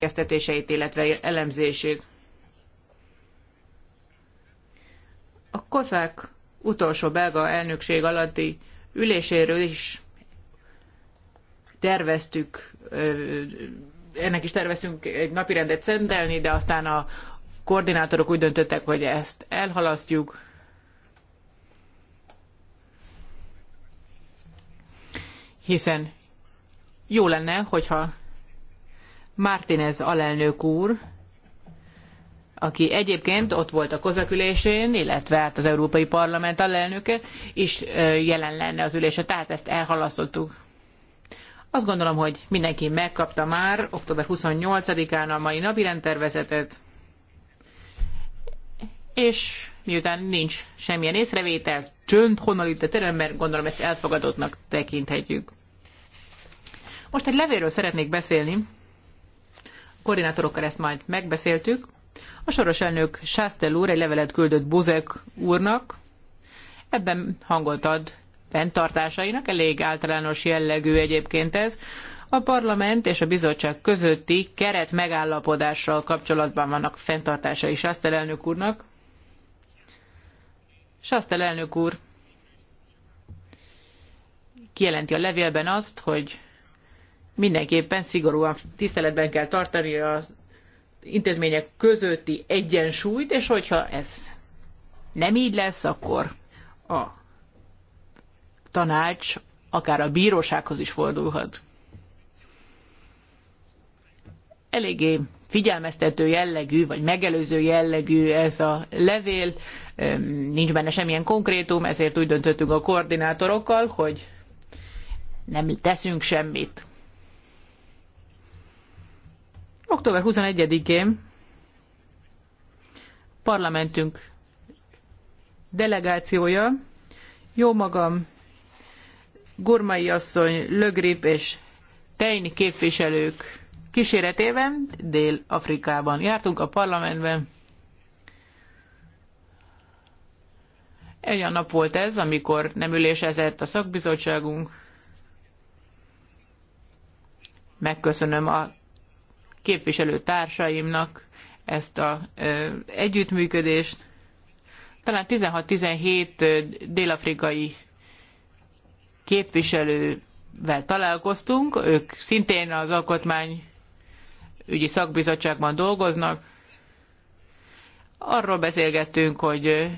kezdetéseit, illetve elemzését. A kozák utolsó belga elnökség alatti üléséről is terveztük, ennek is terveztünk egy napirendet szentelni, de aztán a koordinátorok úgy döntöttek, hogy ezt elhalasztjuk. Hiszen jó lenne, hogyha Martinez alelnök úr, aki egyébként ott volt a kozakülésén, illetve hát az Európai Parlament alelnöke is jelen lenne az ülésen, tehát ezt elhalasztottuk. Azt gondolom, hogy mindenki megkapta már október 28-án a mai napi rendtervezetet, és miután nincs semmilyen észrevétel, csönd honnan itt a teremben, gondolom ezt elfogadottnak tekinthetjük. Most egy levélről szeretnék beszélni, koordinátorokkal ezt majd megbeszéltük. A soros elnök Sásztel úr egy levelet küldött Buzek úrnak, ebben hangot ad fenntartásainak, elég általános jellegű egyébként ez, a parlament és a bizottság közötti keret megállapodással kapcsolatban vannak fenntartásai Sásztel elnök úrnak. Sásztel elnök úr kijelenti a levélben azt, hogy mindenképpen szigorúan tiszteletben kell tartani az intézmények közötti egyensúlyt, és hogyha ez nem így lesz, akkor a tanács akár a bírósághoz is fordulhat. Eléggé figyelmeztető jellegű, vagy megelőző jellegű ez a levél, nincs benne semmilyen konkrétum, ezért úgy döntöttünk a koordinátorokkal, hogy nem teszünk semmit. Október 21-én parlamentünk delegációja, jó magam, Gurmai asszony, Lögrip és Tejni képviselők kíséretében Dél-Afrikában jártunk a parlamentben. Egy olyan nap volt ez, amikor nem ülésezett a szakbizottságunk. Megköszönöm a képviselő társaimnak ezt a együttműködést. Talán 16-17 délafrikai képviselővel találkoztunk, ők szintén az alkotmány ügyi szakbizottságban dolgoznak. Arról beszélgettünk, hogy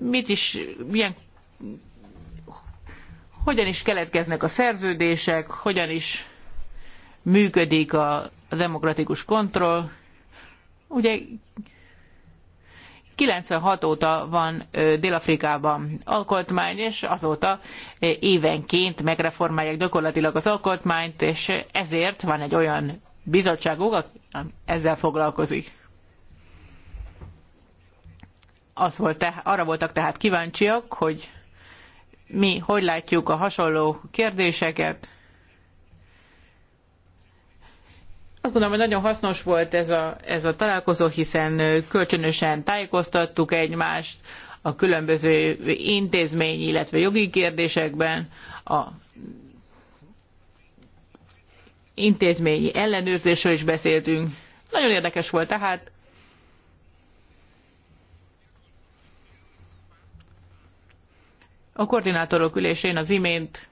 mit is, milyen, hogyan is keletkeznek a szerződések, hogyan is működik a a demokratikus kontroll. Ugye 96 óta van Dél-Afrikában alkotmány, és azóta évenként megreformálják gyakorlatilag az alkotmányt, és ezért van egy olyan bizottságuk, aki ezzel foglalkozik. Az volt, arra voltak tehát kíváncsiak, hogy mi hogy látjuk a hasonló kérdéseket, Azt gondolom, hogy nagyon hasznos volt ez a, ez a találkozó, hiszen kölcsönösen tájékoztattuk egymást a különböző intézményi, illetve jogi kérdésekben, a intézményi ellenőrzésről is beszéltünk. Nagyon érdekes volt tehát. A koordinátorok ülésén az imént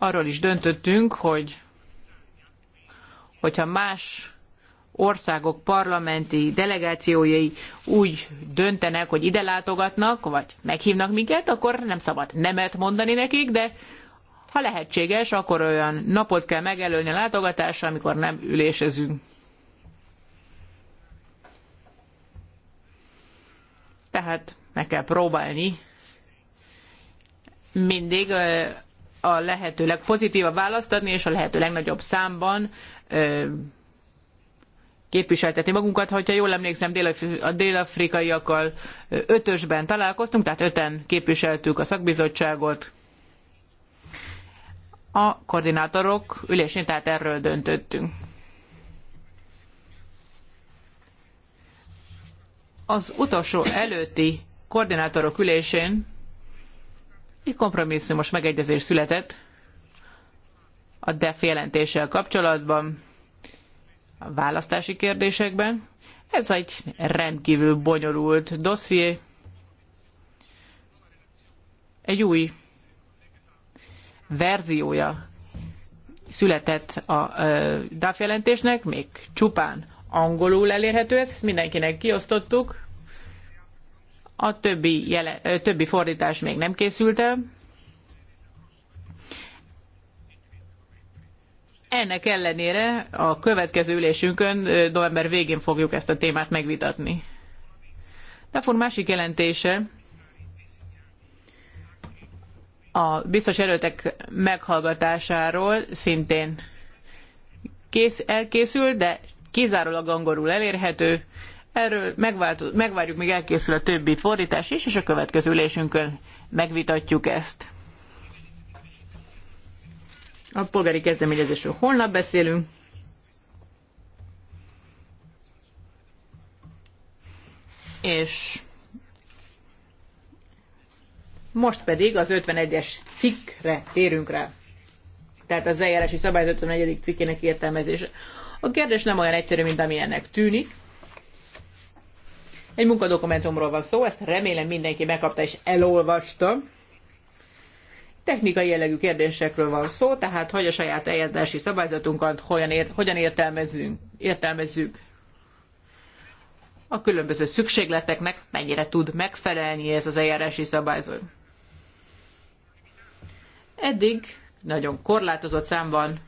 arról is döntöttünk, hogy hogyha más országok parlamenti delegációi úgy döntenek, hogy ide látogatnak, vagy meghívnak minket, akkor nem szabad nemet mondani nekik, de ha lehetséges, akkor olyan napot kell megjelölni a látogatásra, amikor nem ülésezünk. Tehát meg kell próbálni mindig a lehetőleg pozitívabb választ adni, és a lehető legnagyobb számban képviseltetni magunkat. Ha jól emlékszem, a délafrikaiakkal ötösben találkoztunk, tehát öten képviseltük a szakbizottságot. A koordinátorok ülésén tehát erről döntöttünk. Az utolsó előtti koordinátorok ülésén egy kompromisszumos megegyezés született a DEF jelentéssel kapcsolatban, a választási kérdésekben. Ez egy rendkívül bonyolult dosszié. Egy új verziója született a DAF jelentésnek, még csupán angolul elérhető, ez ezt mindenkinek kiosztottuk. A többi, jele, többi fordítás még nem készült el. Ennek ellenére a következő ülésünkön november végén fogjuk ezt a témát megvitatni. Tafor másik jelentése a biztos erőtek meghallgatásáról szintén kész, elkészül, de kizárólag angolul elérhető. Erről megvárjuk, még elkészül a többi fordítás is, és a következő ülésünkön megvitatjuk ezt. A polgári kezdeményezésről holnap beszélünk. És most pedig az 51-es cikkre térünk rá. Tehát az eljárási szabály 51. cikkének értelmezése. A kérdés nem olyan egyszerű, mint ami tűnik. Egy munkadokumentumról van szó, ezt remélem mindenki megkapta és elolvasta. Technikai jellegű kérdésekről van szó, tehát hogy a saját eljárási szabályzatunkat hogyan, ért, hogyan értelmezzünk, értelmezzük. A különböző szükségleteknek mennyire tud megfelelni ez az eljárási szabályzat. Eddig nagyon korlátozott számban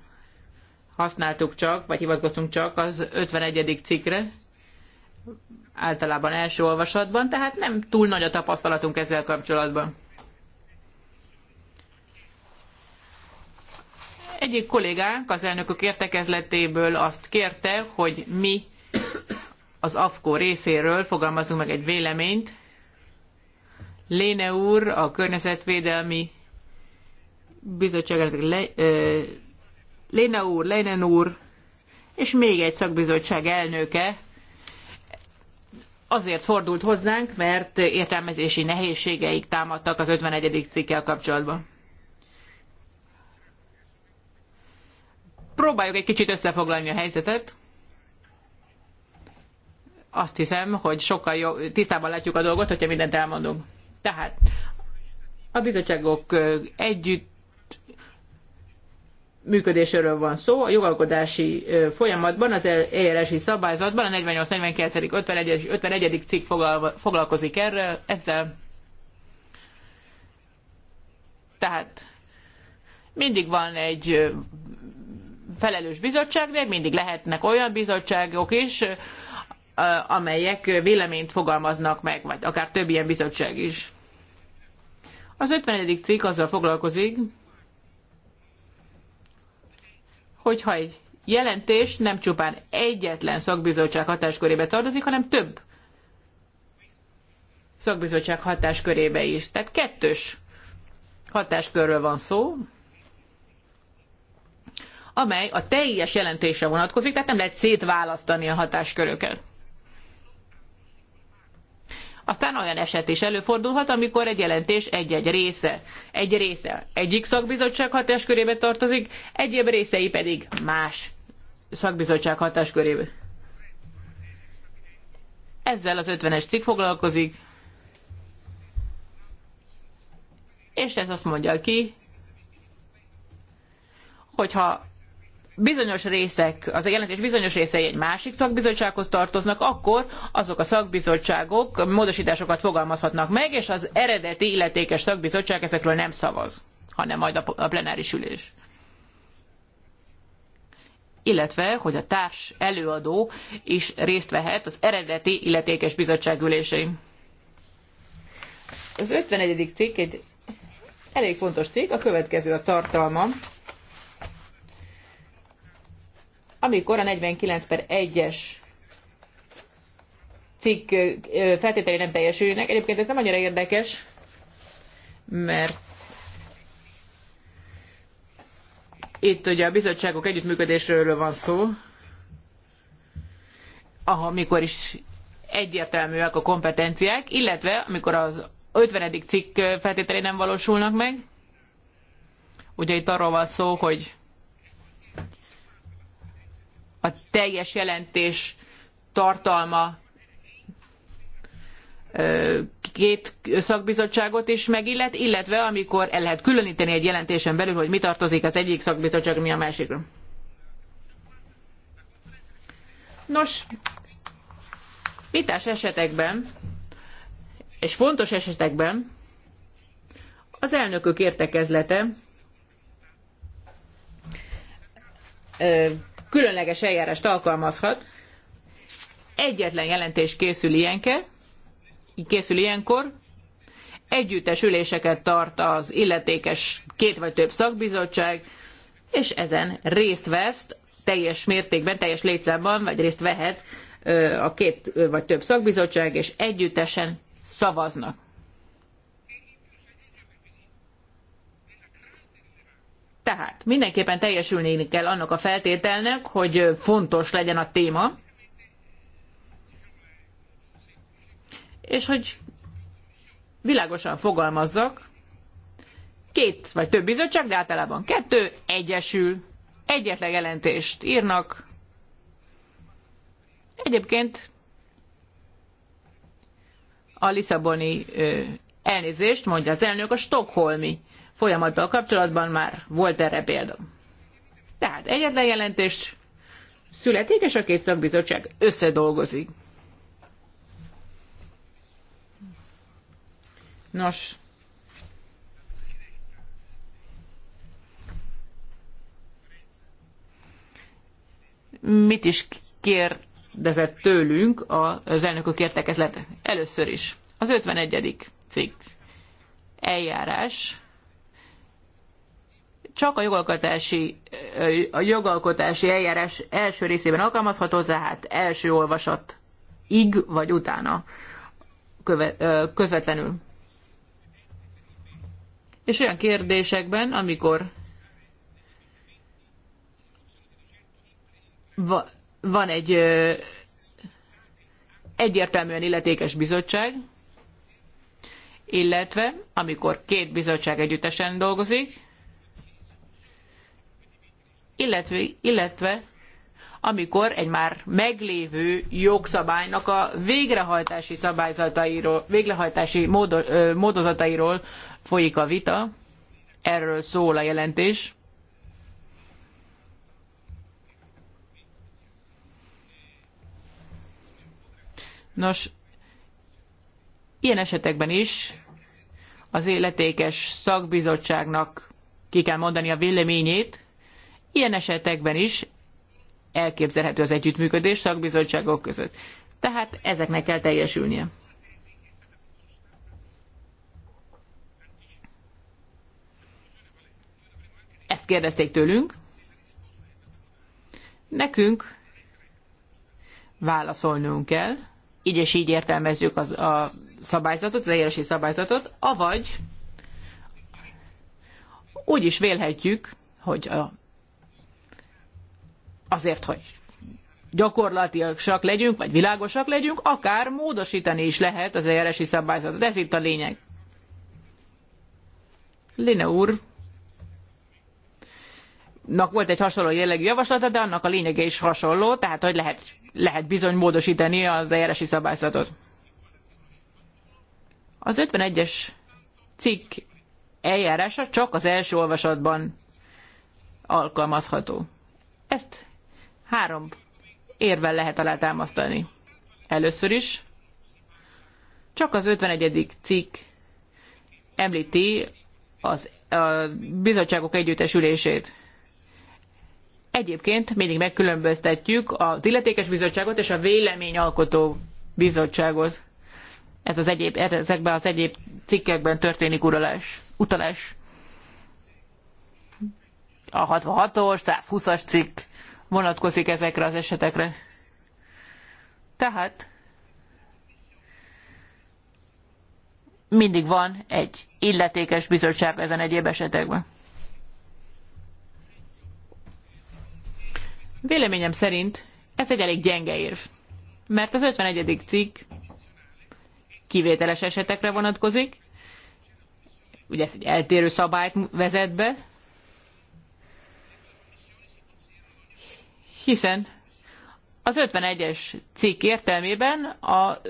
használtuk csak, vagy hivatkoztunk csak az 51. cikkre, általában első olvasatban, tehát nem túl nagy a tapasztalatunk ezzel kapcsolatban. Egyik kollégánk az elnökök értekezletéből azt kérte, hogy mi az AFKO részéről fogalmazunk meg egy véleményt. Léne úr, a Környezetvédelmi Bizottságának Léne úr, Lénen úr, és még egy szakbizottság elnöke azért fordult hozzánk, mert értelmezési nehézségeik támadtak az 51. cikkel kapcsolatban. Próbáljuk egy kicsit összefoglalni a helyzetet. Azt hiszem, hogy sokkal jobb, tisztában látjuk a dolgot, hogyha mindent elmondunk. Tehát a bizottságok együtt működéséről van szó. A jogalkodási folyamatban, az eljárási szabályzatban a 48, 49, 51, 51. cikk foglalkozik erről, ezzel. Tehát mindig van egy felelős bizottság, de mindig lehetnek olyan bizottságok is, amelyek véleményt fogalmaznak meg, vagy akár több ilyen bizottság is. Az 51. cikk azzal foglalkozik, hogyha egy jelentés nem csupán egyetlen szakbizottság hatáskörébe tartozik, hanem több szakbizottság hatáskörébe is. Tehát kettős hatáskörről van szó, amely a teljes jelentésre vonatkozik, tehát nem lehet szétválasztani a hatásköröket. Aztán olyan eset is előfordulhat, amikor egy jelentés egy-egy része, egy része egyik szakbizottság hatáskörébe tartozik, egyéb részei pedig más szakbizottság hatáskörébe. Ezzel az 50-es cikk foglalkozik, és ez azt mondja ki, hogyha bizonyos részek, az a jelentés bizonyos részei egy másik szakbizottsághoz tartoznak, akkor azok a szakbizottságok módosításokat fogalmazhatnak meg, és az eredeti illetékes szakbizottság ezekről nem szavaz, hanem majd a plenáris ülés illetve hogy a társ előadó is részt vehet az eredeti illetékes bizottság ülésein. Az 51. cikk egy elég fontos cikk, a következő a tartalma. amikor a 49 per 1-es cikk feltételei nem teljesülnek. Egyébként ez nem annyira érdekes, mert itt ugye a bizottságok együttműködésről van szó, amikor is egyértelműek a kompetenciák, illetve amikor az 50. cikk feltételei nem valósulnak meg. Ugye itt arról van szó, hogy a teljes jelentés tartalma két szakbizottságot is megillet, illetve amikor el lehet különíteni egy jelentésen belül, hogy mi tartozik az egyik szakbizottság mi a másikra. Nos, vitás esetekben, és fontos esetekben az elnökök értekezlete különleges eljárást alkalmazhat. Egyetlen jelentés készül ilyenke, készül ilyenkor, együttes üléseket tart az illetékes két vagy több szakbizottság, és ezen részt vesz teljes mértékben, teljes létszámban, vagy részt vehet a két vagy több szakbizottság, és együttesen szavaznak. Tehát mindenképpen teljesülni kell annak a feltételnek, hogy fontos legyen a téma, és hogy világosan fogalmazzak, két vagy több bizottság, de általában kettő egyesül, egyetlen jelentést írnak. Egyébként a Lisszaboni elnézést mondja az elnök a Stockholmi folyamattal kapcsolatban már volt erre példa. Tehát egyetlen jelentés születik, és a két szakbizottság összedolgozik. Nos, mit is kérdezett tőlünk az elnökök értekezlet először is. Az 51. cikk eljárás csak a jogalkotási, a jogalkotási eljárás első részében alkalmazható, tehát első olvasat ig vagy utána köve, közvetlenül. És olyan kérdésekben, amikor van egy egyértelműen illetékes bizottság, illetve amikor két bizottság együttesen dolgozik, illetve, illetve amikor egy már meglévő jogszabálynak a végrehajtási szabályzatairól, végrehajtási módo, módozatairól folyik a vita. Erről szól a jelentés. Nos, ilyen esetekben is az életékes szakbizottságnak ki kell mondani a véleményét, Ilyen esetekben is elképzelhető az együttműködés szakbizottságok között. Tehát ezeknek kell teljesülnie. Ezt kérdezték tőlünk. Nekünk válaszolnunk kell, így és így értelmezzük az, a szabályzatot, az eljárási szabályzatot, avagy úgy is vélhetjük, hogy a azért, hogy gyakorlatilag sak legyünk, vagy világosak legyünk, akár módosítani is lehet az eljárási szabályzatot. Ez itt a lényeg. Lina úr nak volt egy hasonló jellegű javaslata, de annak a lényege is hasonló, tehát hogy lehet, lehet bizony módosítani az eljárási szabályzatot. Az 51-es cikk eljárása csak az első olvasatban alkalmazható. Ezt Három érvel lehet alátámasztani. Először is csak az 51. cikk említi az, a bizottságok együttesülését. Egyébként mindig megkülönböztetjük az illetékes bizottságot és a véleményalkotó bizottságot. Ez az egyéb, ezekben az egyéb cikkekben történik uralás, utalás. A 66-os, 120-as cikk vonatkozik ezekre az esetekre. Tehát mindig van egy illetékes bizottság ezen egyéb esetekben. Véleményem szerint ez egy elég gyenge érv, mert az 51. cikk kivételes esetekre vonatkozik, ugye ez egy eltérő szabályt vezet be, hiszen az 51-es cikk értelmében a,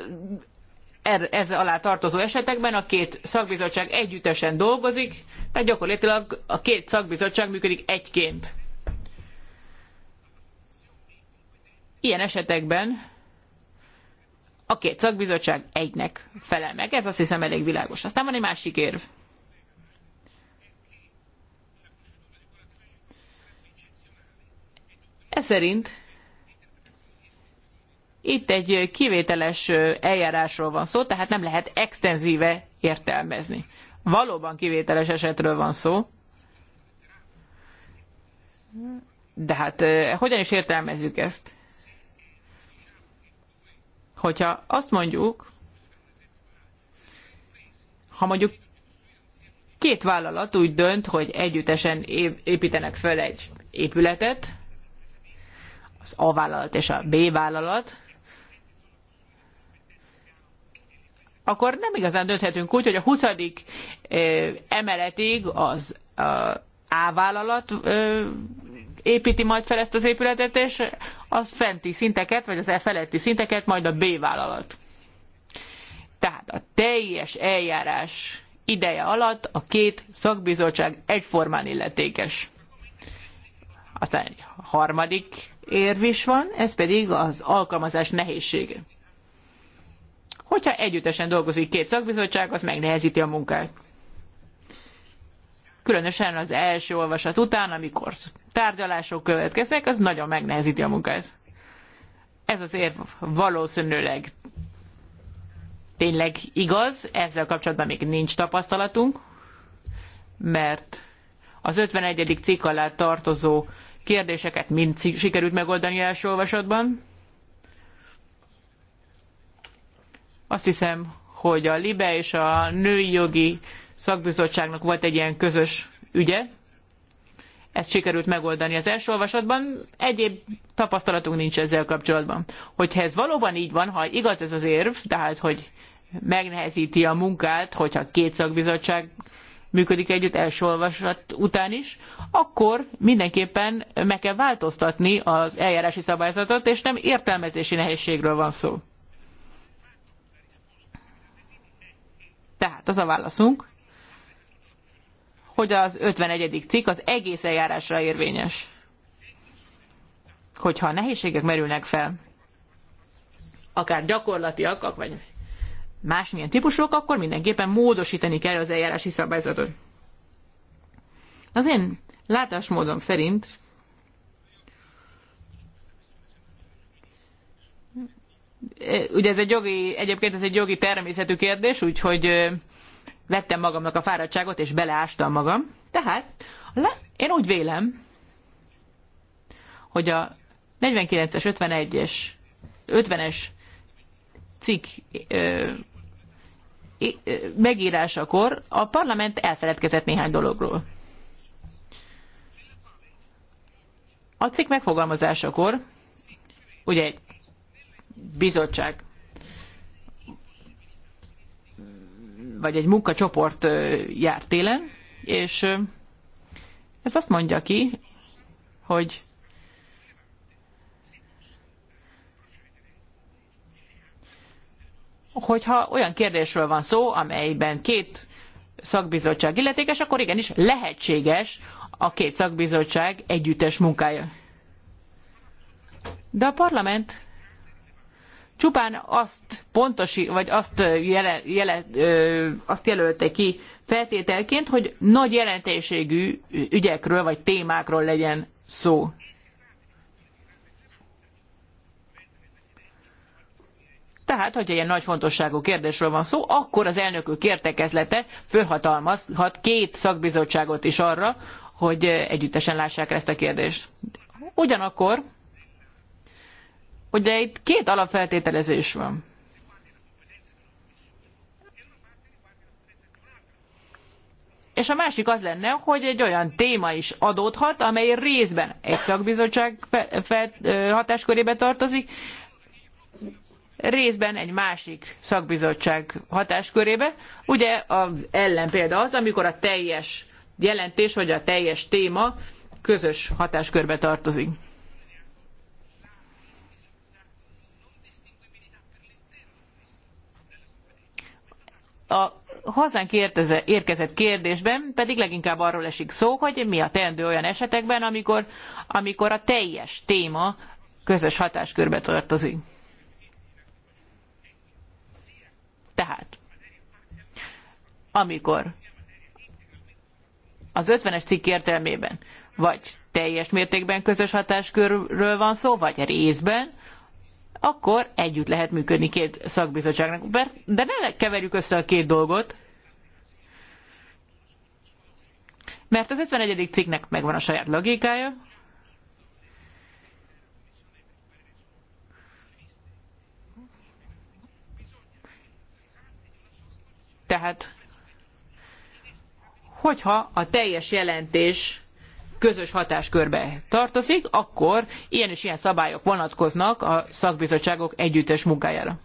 er, ez alá tartozó esetekben a két szakbizottság együttesen dolgozik, tehát gyakorlatilag a két szakbizottság működik egyként. Ilyen esetekben a két szakbizottság egynek felel meg. Ez azt hiszem elég világos. Aztán van egy másik érv. Ez szerint itt egy kivételes eljárásról van szó, tehát nem lehet extenzíve értelmezni. Valóban kivételes esetről van szó, de hát hogyan is értelmezzük ezt? Hogyha azt mondjuk, ha mondjuk két vállalat úgy dönt, hogy együttesen építenek fel egy épületet, az A vállalat és a B vállalat, akkor nem igazán dönthetünk úgy, hogy a 20. emeletig az A vállalat építi majd fel ezt az épületet, és a fenti szinteket, vagy az E feletti szinteket majd a B vállalat. Tehát a teljes eljárás ideje alatt a két szakbizottság egyformán illetékes. Aztán egy harmadik érv is van, ez pedig az alkalmazás nehézsége. Hogyha együttesen dolgozik két szakbizottság, az megnehezíti a munkát. Különösen az első olvasat után, amikor tárgyalások következnek, az nagyon megnehezíti a munkát. Ez az érv valószínűleg tényleg igaz, ezzel kapcsolatban még nincs tapasztalatunk, mert az 51. cikk alá tartozó kérdéseket mind sikerült megoldani első olvasatban. Azt hiszem, hogy a LIBE és a Női Jogi Szakbizottságnak volt egy ilyen közös ügye. Ezt sikerült megoldani az első olvasatban, egyéb tapasztalatunk nincs ezzel kapcsolatban. Hogyha ez valóban így van, ha igaz ez az érv, tehát hogy megnehezíti a munkát, hogyha két szakbizottság működik együtt első olvasat után is, akkor mindenképpen meg kell változtatni az eljárási szabályzatot, és nem értelmezési nehézségről van szó. Tehát az a válaszunk, hogy az 51. cikk az egész eljárásra érvényes. Hogyha nehézségek merülnek fel, akár gyakorlatiak, vagy másmilyen típusok, akkor mindenképpen módosítani kell az eljárási szabályzatot. Az én látásmódom szerint e, ugye ez egy jogi, egyébként ez egy jogi természetű kérdés, úgyhogy e, vettem magamnak a fáradtságot, és beleástam magam. Tehát én úgy vélem, hogy a 49-es, 51-es, 50-es cikk e, megírásakor a parlament elfeledkezett néhány dologról. A cikk megfogalmazásakor, ugye egy bizottság vagy egy munkacsoport járt télen, és ez azt mondja ki, hogy hogyha olyan kérdésről van szó, amelyben két szakbizottság illetékes, akkor igenis lehetséges a két szakbizottság együttes munkája. De a parlament csupán azt pontosi, vagy azt, jele, jele, ö, azt jelölte ki feltételként, hogy nagy jelentőségű ügyekről vagy témákról legyen szó. Tehát, hogyha ilyen nagy fontosságú kérdésről van szó, akkor az elnökök értekezlete fölhatalmazhat két szakbizottságot is arra, hogy együttesen lássák ezt a kérdést. Ugyanakkor, ugye itt két alapfeltételezés van. és a másik az lenne, hogy egy olyan téma is adódhat, amely részben egy szakbizottság hatáskörébe tartozik, részben egy másik szakbizottság hatáskörébe. Ugye az ellenpélda az, amikor a teljes jelentés vagy a teljes téma közös hatáskörbe tartozik. a hazánk érkezett kérdésben pedig leginkább arról esik szó, hogy mi a teendő olyan esetekben, amikor, amikor a teljes téma közös hatáskörbe tartozik. Tehát, amikor az 50-es cikk értelmében vagy teljes mértékben közös hatáskörről van szó, vagy részben, akkor együtt lehet működni két szakbizottságnak. De ne keverjük össze a két dolgot, mert az 51. cikknek megvan a saját logikája, Tehát, hogyha a teljes jelentés közös hatáskörbe tartozik, akkor ilyen és ilyen szabályok vonatkoznak a szakbizottságok együttes munkájára.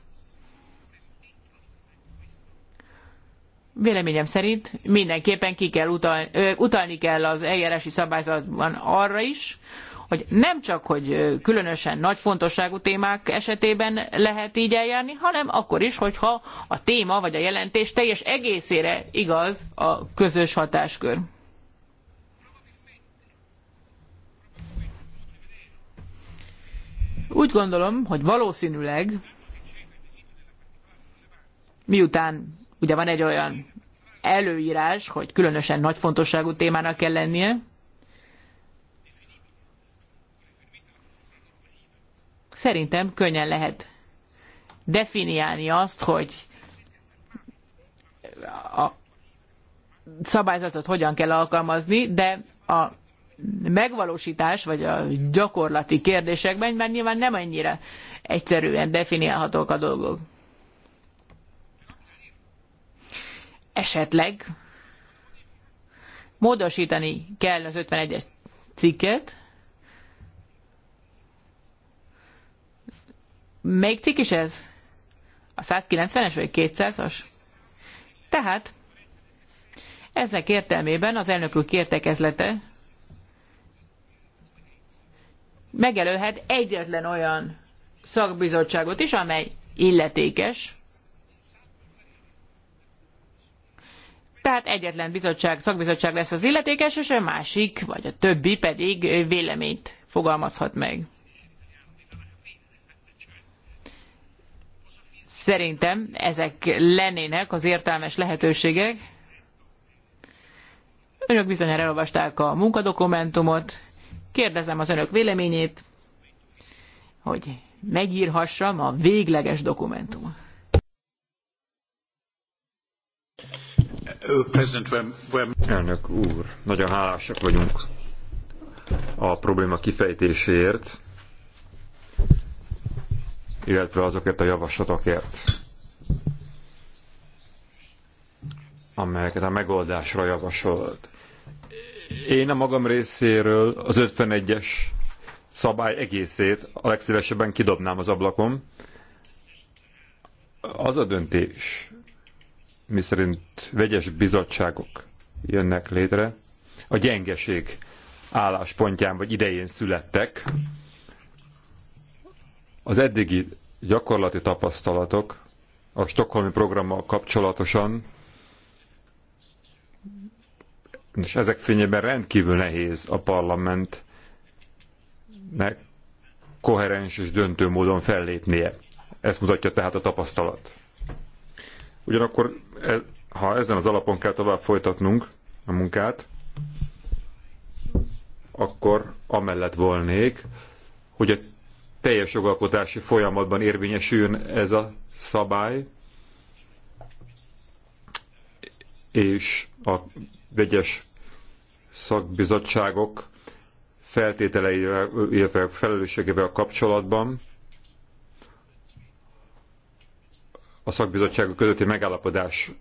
Véleményem szerint mindenképpen ki kell utal, utalni kell az eljárási szabályzatban arra is, hogy nem csak, hogy különösen nagy fontosságú témák esetében lehet így eljárni, hanem akkor is, hogyha a téma vagy a jelentés teljes egészére igaz a közös hatáskör. Úgy gondolom, hogy valószínűleg miután ugye van egy olyan előírás, hogy különösen nagy fontosságú témának kell lennie, Szerintem könnyen lehet definiálni azt, hogy a szabályzatot hogyan kell alkalmazni, de a megvalósítás, vagy a gyakorlati kérdésekben már nyilván nem annyira egyszerűen definiálhatók a dolgok. Esetleg módosítani kell az 51-es cikket, Melyik cikk is ez? A 190-es vagy 200-as? Tehát ezek értelmében az elnökök értekezlete megelőhet egyetlen olyan szakbizottságot is, amely illetékes. Tehát egyetlen bizottság, szakbizottság lesz az illetékes, és a másik, vagy a többi pedig véleményt fogalmazhat meg. Szerintem ezek lennének az értelmes lehetőségek. Önök bizonyára elolvasták a munkadokumentumot. Kérdezem az önök véleményét, hogy megírhassam a végleges dokumentumot. Elnök úr, nagyon hálásak vagyunk a probléma kifejtéséért illetve azokért a javaslatokért, amelyeket a megoldásra javasolt. Én a magam részéről az 51-es szabály egészét a legszívesebben kidobnám az ablakom. Az a döntés, miszerint vegyes bizottságok jönnek létre, a gyengeség álláspontján vagy idején születtek, az eddigi gyakorlati tapasztalatok a Stockholmi programmal kapcsolatosan, és ezek fényében rendkívül nehéz a parlamentnek koherens és döntő módon fellépnie. Ezt mutatja tehát a tapasztalat. Ugyanakkor, e, ha ezen az alapon kell tovább folytatnunk a munkát, akkor amellett volnék, hogy a teljes jogalkotási folyamatban érvényesüljön ez a szabály, és a vegyes szakbizottságok feltételeivel, illetve felelősségével kapcsolatban a szakbizottságok közötti megállapodás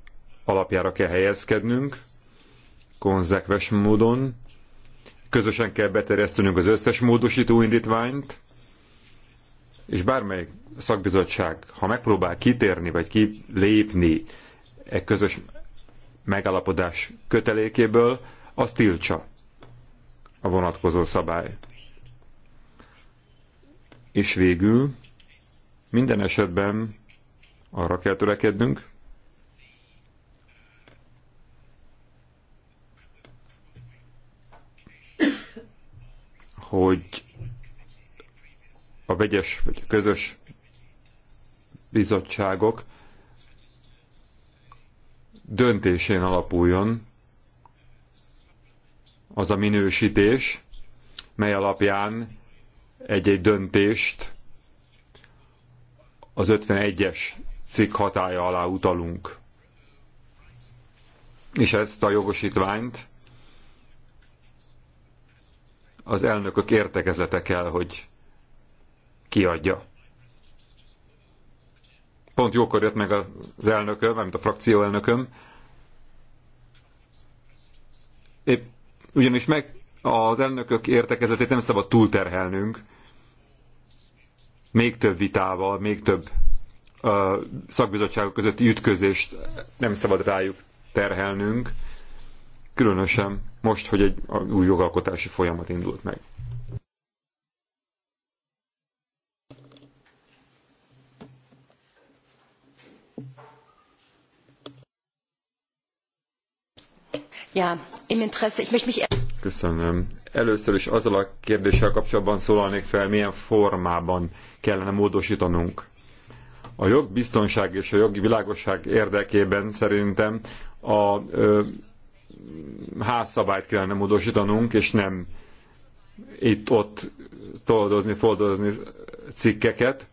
alapjára kell helyezkednünk, konzekves módon, közösen kell beterjesztenünk az összes módosító indítványt, és bármelyik szakbizottság, ha megpróbál kitérni vagy kilépni egy közös megállapodás kötelékéből, az tiltsa a vonatkozó szabály. És végül minden esetben arra kell törekednünk, hogy a vegyes vagy a közös bizottságok döntésén alapuljon az a minősítés, mely alapján egy-egy döntést az 51-es cikk hatája alá utalunk. És ezt a jogosítványt az elnökök értekezete kell, hogy kiadja. Pont jókor jött meg az elnököm, mármint a frakció elnököm. Épp ugyanis meg az elnökök értekezetét nem szabad túlterhelnünk, még több vitával, még több ö, szakbizottságok közötti ütközést nem szabad rájuk terhelnünk, különösen most, hogy egy új jogalkotási folyamat indult meg. Ja, im Interesse, ich möchte mich... Er- Köszönöm. Először is azzal a kérdéssel kapcsolatban szólalnék fel, milyen formában kellene módosítanunk. A jogbiztonság és a jogi világosság érdekében szerintem a ö, házszabályt kellene módosítanunk, és nem itt-ott toldozni, foldozni cikkeket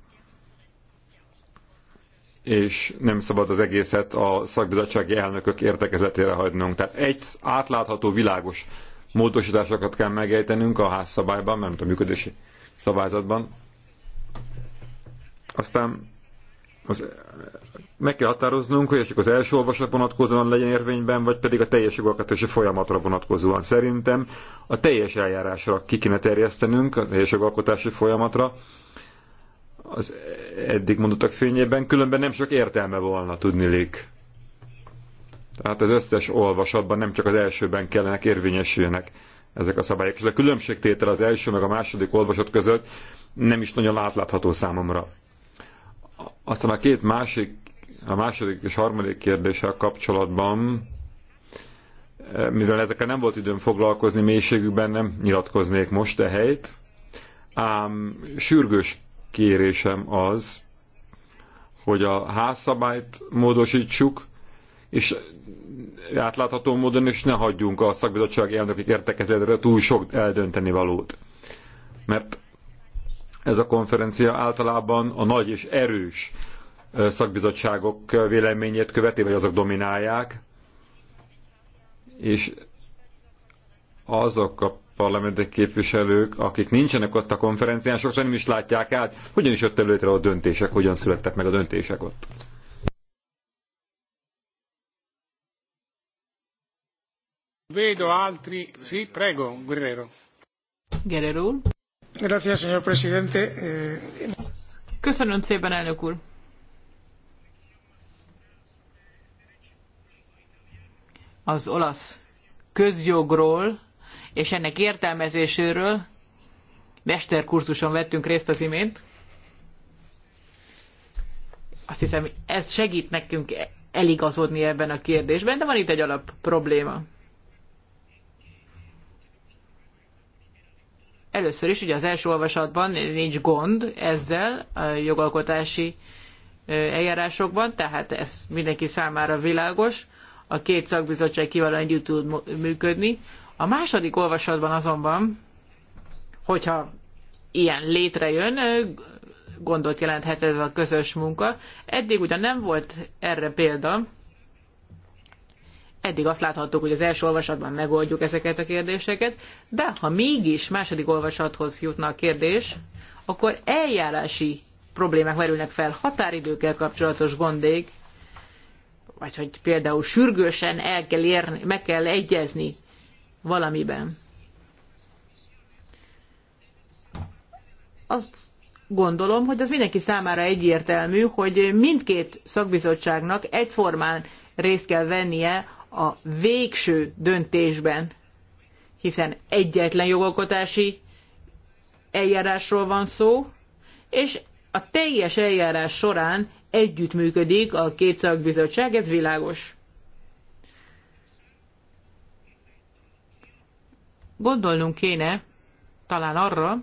és nem szabad az egészet a szakbizottsági elnökök értekezetére hagynunk. Tehát egy átlátható, világos módosításokat kell megejtenünk a házszabályban, nem a működési szabályzatban. Aztán az, meg kell határoznunk, hogy csak az első olvasat vonatkozóan legyen érvényben, vagy pedig a teljes jogalkotási folyamatra vonatkozóan. Szerintem a teljes eljárásra ki kéne terjesztenünk, a teljes jogalkotási folyamatra, az eddig mondottak fényében, különben nem sok értelme volna lék. Tehát az összes olvasatban, nem csak az elsőben kellene érvényesülnek ezek a szabályok. És a különbségtétel az első meg a második olvasat között nem is nagyon átlátható számomra. Aztán a két másik, a második és harmadik kérdéssel kapcsolatban, mivel ezekkel nem volt időm foglalkozni mélységükben, nem nyilatkoznék most a helyt, ám sürgős kérésem az, hogy a házszabályt módosítsuk, és átlátható módon, is ne hagyjunk a szakbizottság elnökök értekezetre túl sok eldönteni valót. Mert ez a konferencia általában a nagy és erős szakbizottságok véleményét követi, vagy azok dominálják, és azok a parlamenti képviselők, akik nincsenek ott a konferencián, sokszor nem is látják át, hogyan is jött előtre a döntések, hogyan születtek meg a döntések ott. Vedo altri. Sì, prego, Guerrero. Guerrero. Grazie, signor presidente. Köszönöm szépen, elnök úr. Az olasz közjogról és ennek értelmezéséről mesterkurzuson vettünk részt az imént. Azt hiszem, ez segít nekünk eligazodni ebben a kérdésben, de van itt egy alap probléma. Először is, ugye az első olvasatban nincs gond ezzel a jogalkotási eljárásokban, tehát ez mindenki számára világos. A két szakbizottság kiválóan együtt tud működni. A második olvasatban azonban, hogyha ilyen létrejön, gondot jelenthet ez a közös munka. Eddig ugyan nem volt erre példa, eddig azt láthattuk, hogy az első olvasatban megoldjuk ezeket a kérdéseket, de ha mégis második olvasathoz jutna a kérdés, akkor eljárási problémák merülnek fel, határidőkkel kapcsolatos gondék, vagy hogy például sürgősen el kell érni, meg kell egyezni valamiben. Azt gondolom, hogy az mindenki számára egyértelmű, hogy mindkét szakbizottságnak egyformán részt kell vennie a végső döntésben, hiszen egyetlen jogalkotási eljárásról van szó, és a teljes eljárás során együttműködik a két szakbizottság, ez világos. Gondolnunk kéne talán arra,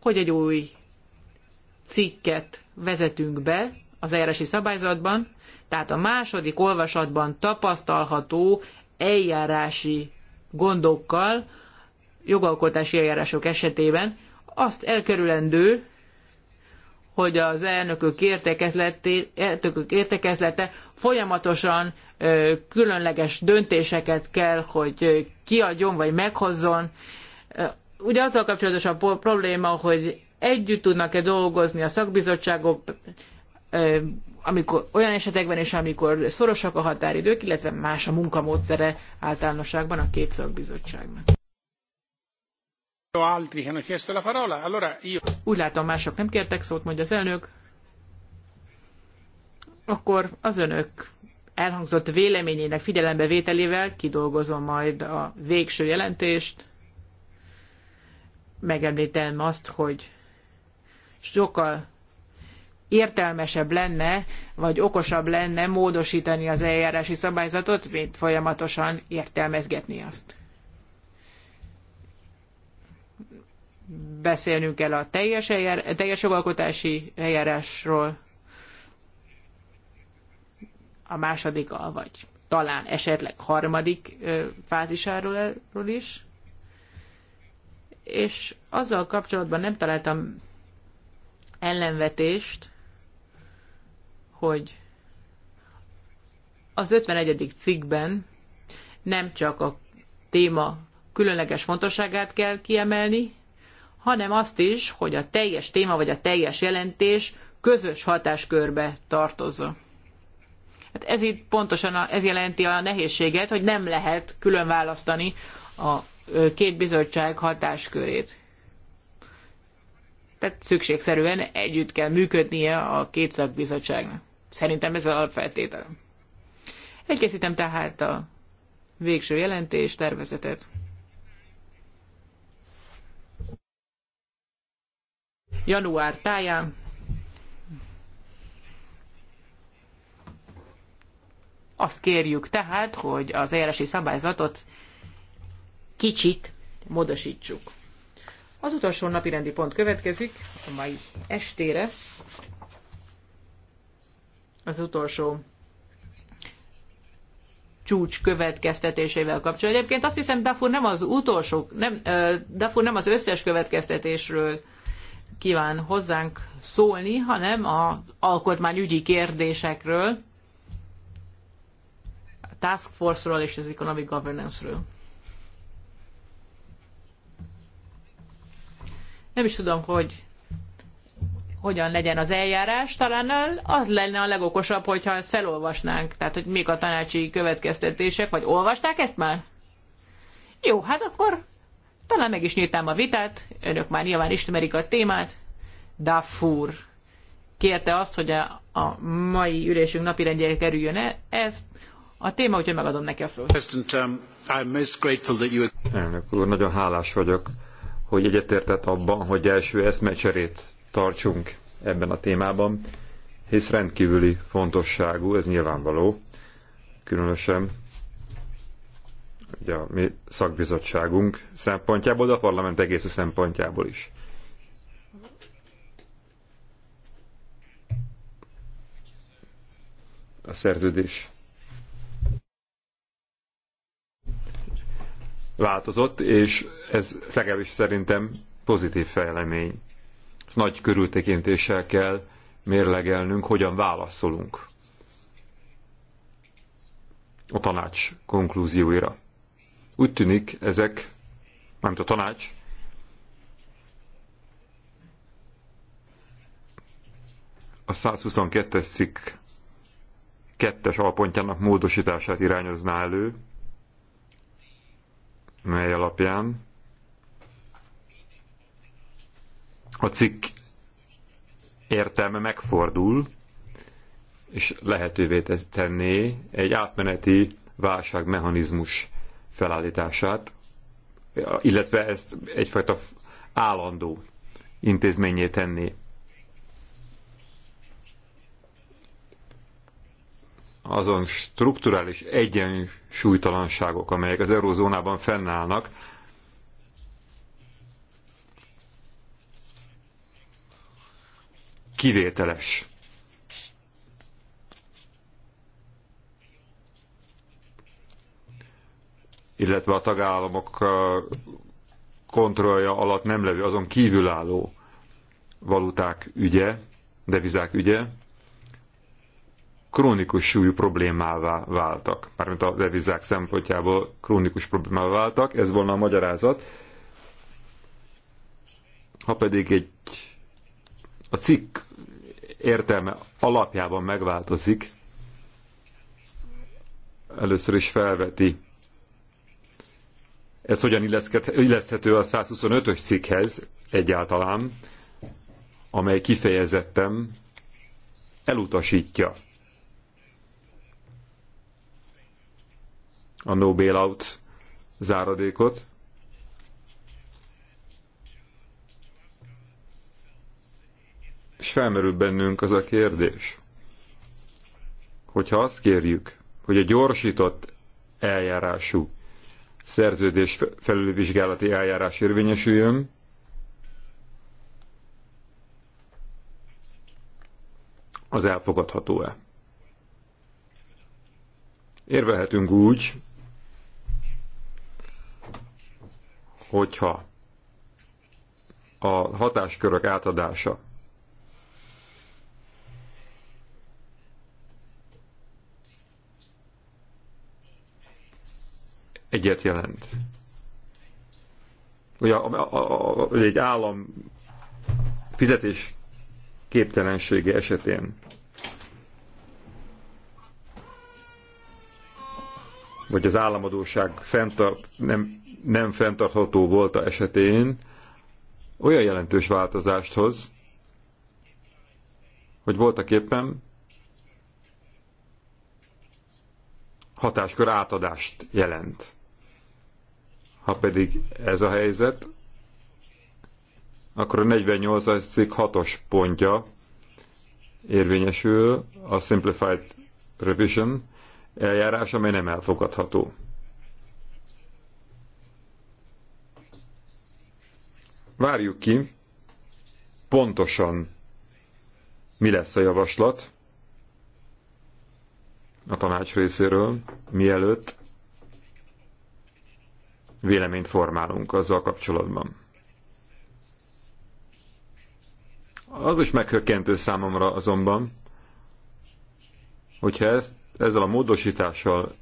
hogy egy új cikket vezetünk be az eljárási szabályzatban, tehát a második olvasatban tapasztalható eljárási gondokkal, jogalkotási eljárások esetében azt elkerülendő, hogy az elnökök, elnökök értekezlete folyamatosan különleges döntéseket kell, hogy kiadjon vagy meghozzon. Ugye azzal kapcsolatos a probléma, hogy együtt tudnak-e dolgozni a szakbizottságok, amikor olyan esetekben is, amikor szorosak a határidők, illetve más a munkamódszere általánosságban a két szakbizottságnak. Úgy látom, mások nem kértek szót, mondja az elnök. Akkor az önök elhangzott véleményének figyelembevételével kidolgozom majd a végső jelentést. Megemlítem azt, hogy sokkal értelmesebb lenne, vagy okosabb lenne módosítani az eljárási szabályzatot, mint folyamatosan értelmezgetni azt. beszélnünk kell a teljes, eljár, teljes jogalkotási eljárásról, a második, vagy talán esetleg harmadik ö, fázisáról erről is. És azzal kapcsolatban nem találtam ellenvetést, hogy az 51. cikkben nem csak a téma különleges fontosságát kell kiemelni, hanem azt is, hogy a teljes téma vagy a teljes jelentés közös hatáskörbe tartozza. Hát ez itt pontosan a, ez jelenti a nehézséget, hogy nem lehet külön választani a két bizottság hatáskörét. Tehát szükségszerűen együtt kell működnie a két szakbizottságnak. Szerintem ez az alapfeltétel. Elkészítem tehát a végső jelentés tervezetet. január táján. Azt kérjük tehát, hogy az eljárási szabályzatot kicsit módosítsuk. Az utolsó napirendi pont következik a mai estére. Az utolsó csúcs következtetésével kapcsolatban. Egyébként azt hiszem, Dafur nem az utolsó, nem, Dafur nem az összes következtetésről kíván hozzánk szólni, hanem az alkotmányügyi kérdésekről, a Task Force-ról és az Economic Governance-ről. Nem is tudom, hogy hogyan legyen az eljárás, talán az lenne a legokosabb, hogyha ezt felolvasnánk. Tehát, hogy mik a tanácsi következtetések, vagy olvasták ezt már? Jó, hát akkor talán meg is nyitnám a vitát, önök már nyilván ismerik a témát. Dafur kérte azt, hogy a, a mai ülésünk napirendjére kerüljön -e ez a téma, úgyhogy megadom neki a szót. Um, Elnök úr, nagyon hálás vagyok, hogy egyetértett abban, hogy első eszmecserét tartsunk ebben a témában, hisz rendkívüli fontosságú, ez nyilvánvaló, különösen ugye a mi szakbizottságunk szempontjából, de a parlament egész szempontjából is. A szerződés változott, és ez legalábbis szerintem pozitív fejlemény. Nagy körültekintéssel kell mérlegelnünk, hogyan válaszolunk a tanács konklúzióira. Úgy tűnik ezek, nem a tanács, a 122-es cikk kettes alpontjának módosítását irányozná elő, mely alapján a cikk értelme megfordul, és lehetővé tenné egy átmeneti válságmechanizmus felállítását, illetve ezt egyfajta állandó intézményé tenni. Azon strukturális egyensúlytalanságok, amelyek az eurozónában fennállnak, kivételes illetve a tagállamok kontrollja alatt nem levő, azon kívülálló valuták ügye, devizák ügye, krónikus súlyú problémává váltak. Mármint a devizák szempontjából krónikus problémává váltak, ez volna a magyarázat. Ha pedig egy a cikk értelme alapjában megváltozik, először is felveti ez hogyan illeszthető a 125-ös cikkhez egyáltalán, amely kifejezettem elutasítja a no bailout záradékot. És felmerül bennünk az a kérdés, hogyha azt kérjük, hogy a gyorsított eljárású szerződés felülvizsgálati eljárás érvényesüljön. Az elfogadható-e? Érvelhetünk úgy, hogyha a hatáskörök átadása egyet jelent. Ugye a, a, a, egy állam fizetés képtelensége esetén vagy az államadóság fenntart, nem, nem fenntartható volt a esetén, olyan jelentős változást hoz, hogy voltak éppen hatáskör átadást jelent. Ha pedig ez a helyzet, akkor a 48-as cikk 6-os pontja érvényesül a Simplified Revision eljárás, amely nem elfogadható. Várjuk ki pontosan, mi lesz a javaslat a tanács részéről, mielőtt véleményt formálunk azzal kapcsolatban. Az is meghökkentő számomra azonban, hogyha ezt, ezzel a módosítással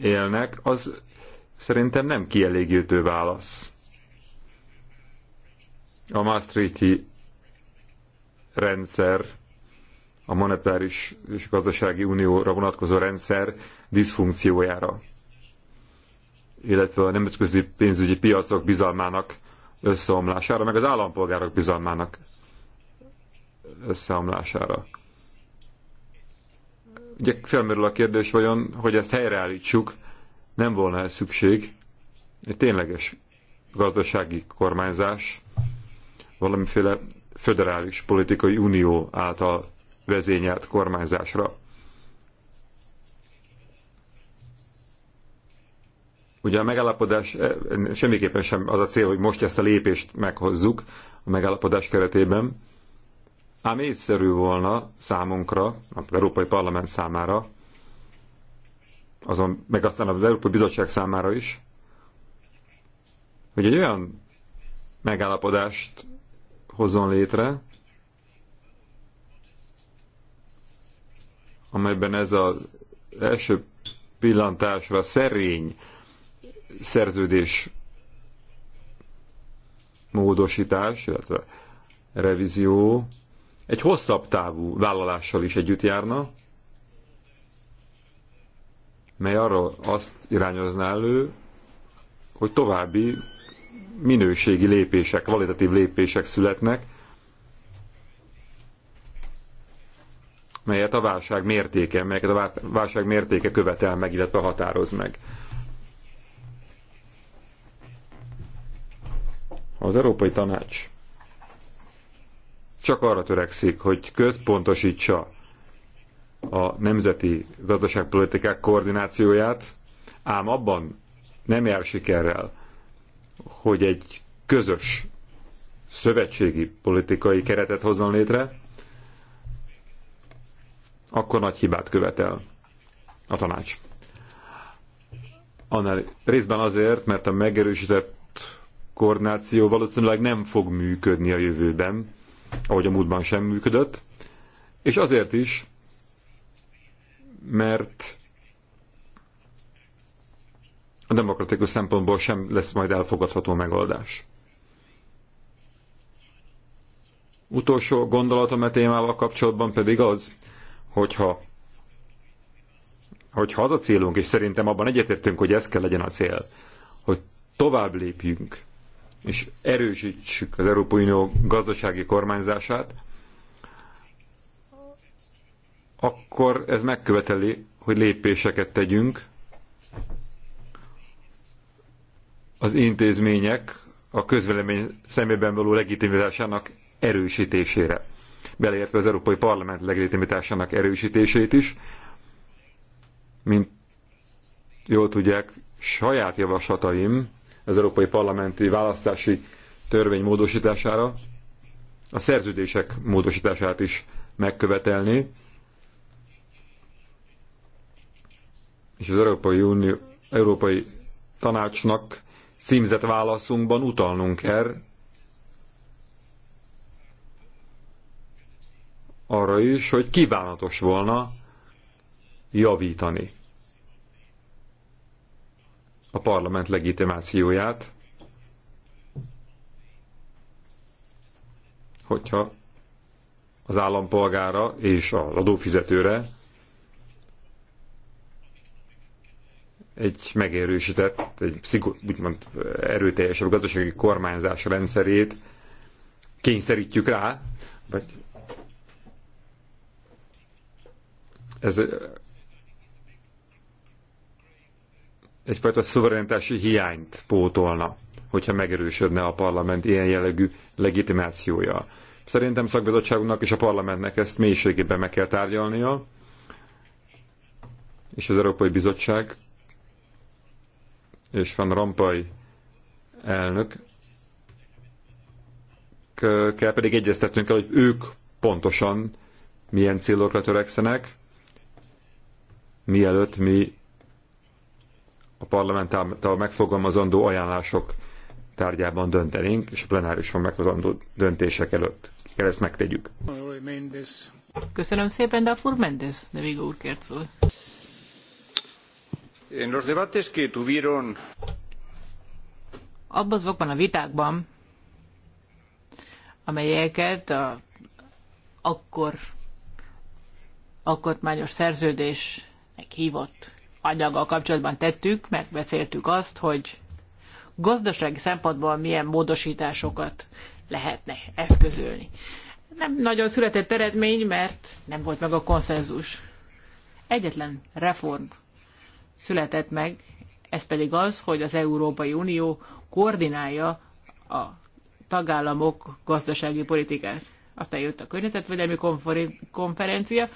élnek, az szerintem nem kielégítő válasz. A Maastrichti rendszer, a monetáris és gazdasági unióra vonatkozó rendszer diszfunkciójára illetve a nemzetközi pénzügyi piacok bizalmának összeomlására, meg az állampolgárok bizalmának összeomlására. Ugye felmerül a kérdés vajon, hogy ezt helyreállítsuk, nem volna ez szükség egy tényleges gazdasági kormányzás, valamiféle föderális politikai unió által vezényelt kormányzásra. Ugye a megállapodás eh, semmiképpen sem az a cél, hogy most ezt a lépést meghozzuk a megállapodás keretében, ám észszerű volna számunkra, az Európai Parlament számára, azon, meg aztán az Európai Bizottság számára is, hogy egy olyan megállapodást hozzon létre, amelyben ez az első pillantásra szerény, szerződés módosítás, illetve revízió egy hosszabb távú vállalással is együtt járna, mely arra azt irányozná elő, hogy további minőségi lépések, kvalitatív lépések születnek, melyet a válság mértéke, melyeket a válság mértéke követel meg, illetve határoz meg. Az Európai Tanács csak arra törekszik, hogy központosítsa a nemzeti gazdaságpolitikák koordinációját, ám abban nem jár sikerrel, hogy egy közös szövetségi politikai keretet hozzon létre, akkor nagy hibát követel a tanács. Annál részben azért, mert a megerősített koordináció valószínűleg nem fog működni a jövőben, ahogy a múltban sem működött, és azért is, mert a demokratikus szempontból sem lesz majd elfogadható megoldás. Utolsó gondolatom a e témával kapcsolatban pedig az, hogyha, hogyha az a célunk, és szerintem abban egyetértünk, hogy ez kell legyen a cél, hogy tovább lépjünk és erősítsük az Európai Unió gazdasági kormányzását, akkor ez megköveteli, hogy lépéseket tegyünk az intézmények a közvélemény szemében való legitimitásának erősítésére, beleértve az Európai Parlament legitimitásának erősítését is, mint jól tudják, saját javaslataim az Európai Parlamenti Választási Törvény módosítására, a szerződések módosítását is megkövetelni, és az Európai, Unió, Európai Tanácsnak címzett válaszunkban utalnunk kell er arra is, hogy kívánatos volna javítani a parlament legitimációját, hogyha az állampolgára és az adófizetőre egy megerősített, egy pszicho, úgymond erőteljesebb gazdasági kormányzás rendszerét kényszerítjük rá, vagy ez egyfajta szuverenitási hiányt pótolna, hogyha megerősödne a parlament ilyen jellegű legitimációja. Szerintem szakbizottságunknak és a parlamentnek ezt mélységében meg kell tárgyalnia, és az Európai Bizottság és Van rampai elnök kell pedig egyeztetnünk el, hogy ők pontosan milyen célokra törekszenek, mielőtt mi a parlament által megfogalmazandó ajánlások tárgyában döntenénk, és a plenárison meghozandó döntések előtt kell ezt megtegyük. Köszönöm szépen, de a Fur Mendes, de úr kért szól. En los debates que tuvieron... Abban azokban a vitákban, amelyeket a, akkor alkotmányos szerződésnek hívott anyaggal kapcsolatban tettük, megbeszéltük azt, hogy gazdasági szempontból milyen módosításokat lehetne eszközölni. Nem nagyon született eredmény, mert nem volt meg a konszenzus. Egyetlen reform született meg, ez pedig az, hogy az Európai Unió koordinálja a tagállamok gazdasági politikát. Aztán jött a környezetvédelmi konferencia,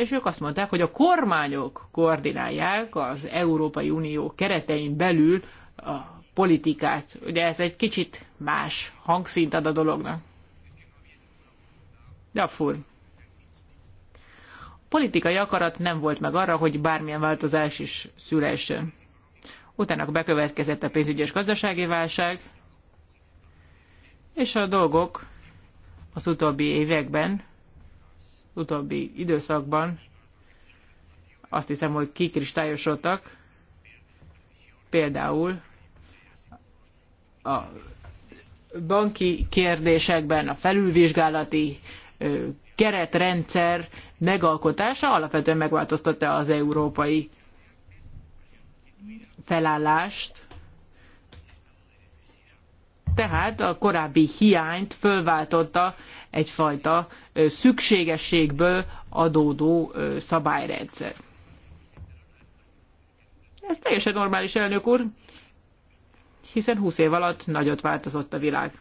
és ők azt mondták, hogy a kormányok koordinálják az Európai Unió keretein belül a politikát. Ugye ez egy kicsit más hangszint ad a dolognak. De a fur. A politikai akarat nem volt meg arra, hogy bármilyen változás is szülessen. Utána bekövetkezett a pénzügyi és gazdasági válság, és a dolgok az utóbbi években utóbbi időszakban azt hiszem, hogy kikristályosodtak, például a banki kérdésekben a felülvizsgálati keretrendszer megalkotása alapvetően megváltoztatta az európai felállást, tehát a korábbi hiányt fölváltotta egyfajta szükségességből adódó szabályrendszer. Ez teljesen normális, elnök úr, hiszen 20 év alatt nagyot változott a világ.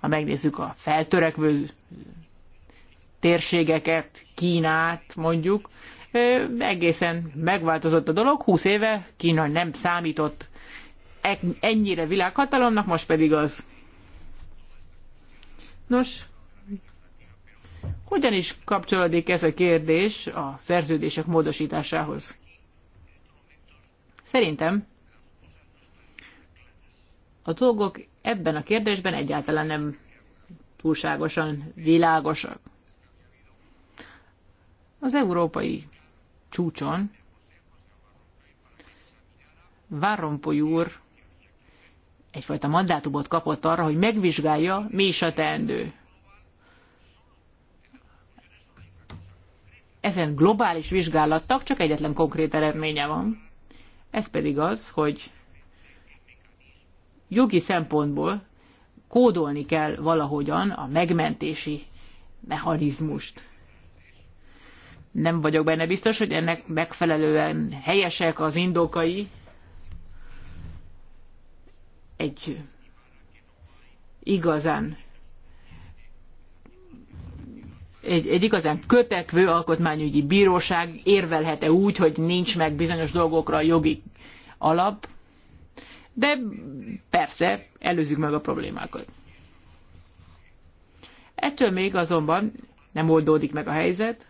Ha megnézzük a feltörekvő térségeket, Kínát mondjuk, egészen megváltozott a dolog. 20 éve Kína nem számított e- ennyire világhatalomnak, most pedig az. Nos, hogyan is kapcsolódik ez a kérdés a szerződések módosításához? Szerintem a dolgok ebben a kérdésben egyáltalán nem túlságosan világosak. Az európai csúcson Várompoly úr egyfajta mandátumot kapott arra, hogy megvizsgálja, mi is a teendő. Ezen globális vizsgálattak csak egyetlen konkrét eredménye van. Ez pedig az, hogy jogi szempontból kódolni kell valahogyan a megmentési mechanizmust. Nem vagyok benne biztos, hogy ennek megfelelően helyesek az indokai, egy igazán egy, egy igazán kötekvő alkotmányügyi bíróság érvelhet-e úgy, hogy nincs meg bizonyos dolgokra jogi alap, de persze előzzük meg a problémákat. Ettől még azonban nem oldódik meg a helyzet.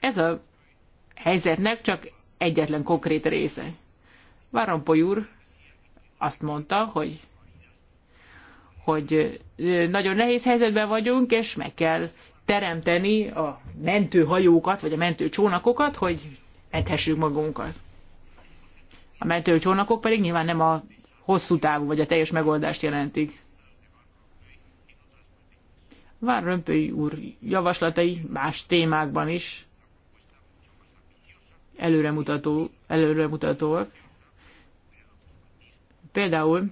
Ez a helyzetnek csak egyetlen konkrét része. Várampoly úr azt mondta, hogy, hogy nagyon nehéz helyzetben vagyunk, és meg kell teremteni a mentőhajókat, vagy a mentőcsónakokat, hogy menthessük magunkat. A mentőcsónakok pedig nyilván nem a hosszú távú, vagy a teljes megoldást jelentik. Vár Römpöly úr javaslatai más témákban is előremutató, előremutatóak. Például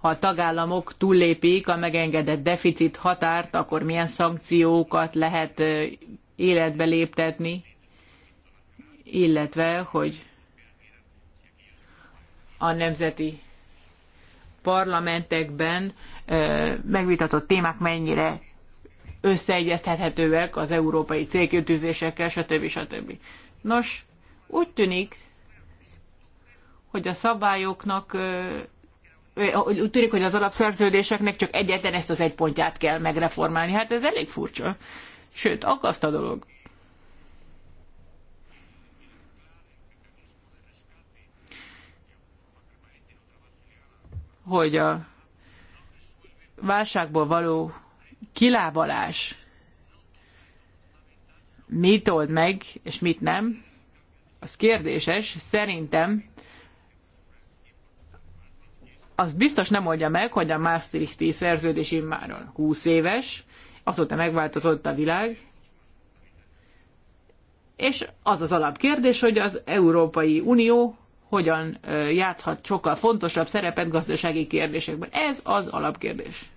ha a tagállamok túllépik a megengedett deficit határt, akkor milyen szankciókat lehet életbe léptetni, illetve, hogy a nemzeti parlamentekben megvitatott témák mennyire összeegyeztethetőek az európai célkitűzésekkel, stb. stb. Nos, úgy tűnik, hogy a szabályoknak, úgy tűnik, hogy az alapszerződéseknek csak egyetlen ezt az egy pontját kell megreformálni. Hát ez elég furcsa. Sőt, aggaszt a dolog. Hogy a válságból való kilábalás mit old meg, és mit nem, az kérdéses. Szerintem az biztos nem oldja meg, hogy a Maastrichti szerződés immáron 20 éves, azóta megváltozott a világ, és az az alapkérdés, hogy az Európai Unió hogyan játszhat sokkal fontosabb szerepet gazdasági kérdésekben. Ez az alapkérdés.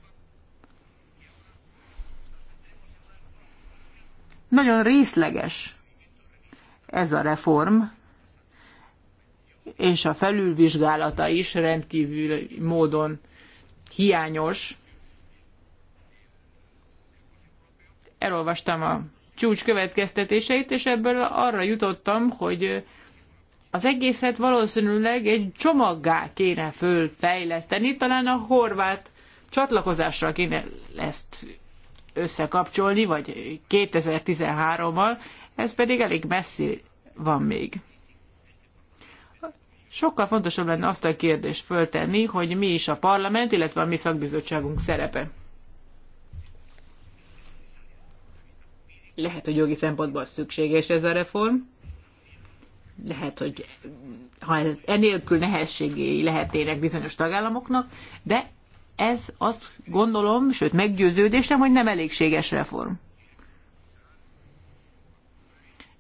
Nagyon részleges ez a reform, és a felülvizsgálata is rendkívül módon hiányos. Elolvastam a csúcs következtetéseit, és ebből arra jutottam, hogy az egészet valószínűleg egy csomaggá kéne fölfejleszteni, talán a horvát csatlakozásra kéne ezt összekapcsolni, vagy 2013-mal, ez pedig elég messzi van még. Sokkal fontosabb lenne azt a kérdést föltenni, hogy mi is a parlament, illetve a mi szakbizottságunk szerepe. Lehet, hogy jogi szempontból szükséges ez a reform. Lehet, hogy ha ez, enélkül nehézségei lehetnének bizonyos tagállamoknak, de ez azt gondolom, sőt meggyőződésem, hogy nem elégséges reform.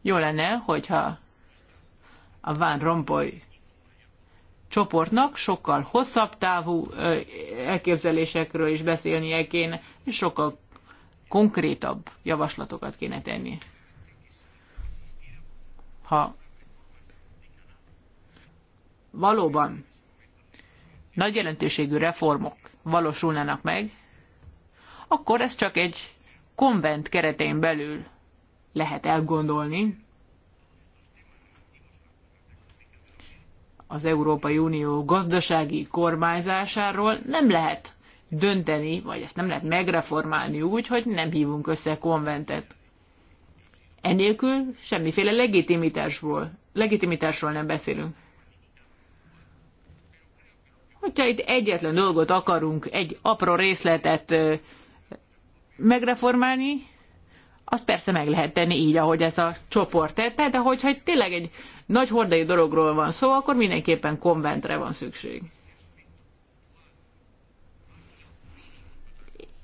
Jó lenne, hogyha a Van Rompuy csoportnak sokkal hosszabb távú elképzelésekről is beszélnie kéne, és sokkal konkrétabb javaslatokat kéne tenni. Ha valóban nagy jelentőségű reformok valósulnának meg, akkor ez csak egy konvent keretén belül lehet elgondolni. Az Európai Unió gazdasági kormányzásáról nem lehet dönteni, vagy ezt nem lehet megreformálni úgy, hogy nem hívunk össze konventet. Enélkül semmiféle legitimitásról legitimitásról nem beszélünk. Hogyha itt egyetlen dolgot akarunk, egy apró részletet megreformálni, azt persze meg lehet tenni így, ahogy ez a csoport tette, de hogyha tényleg egy nagy hordai dologról van szó, akkor mindenképpen konventre van szükség.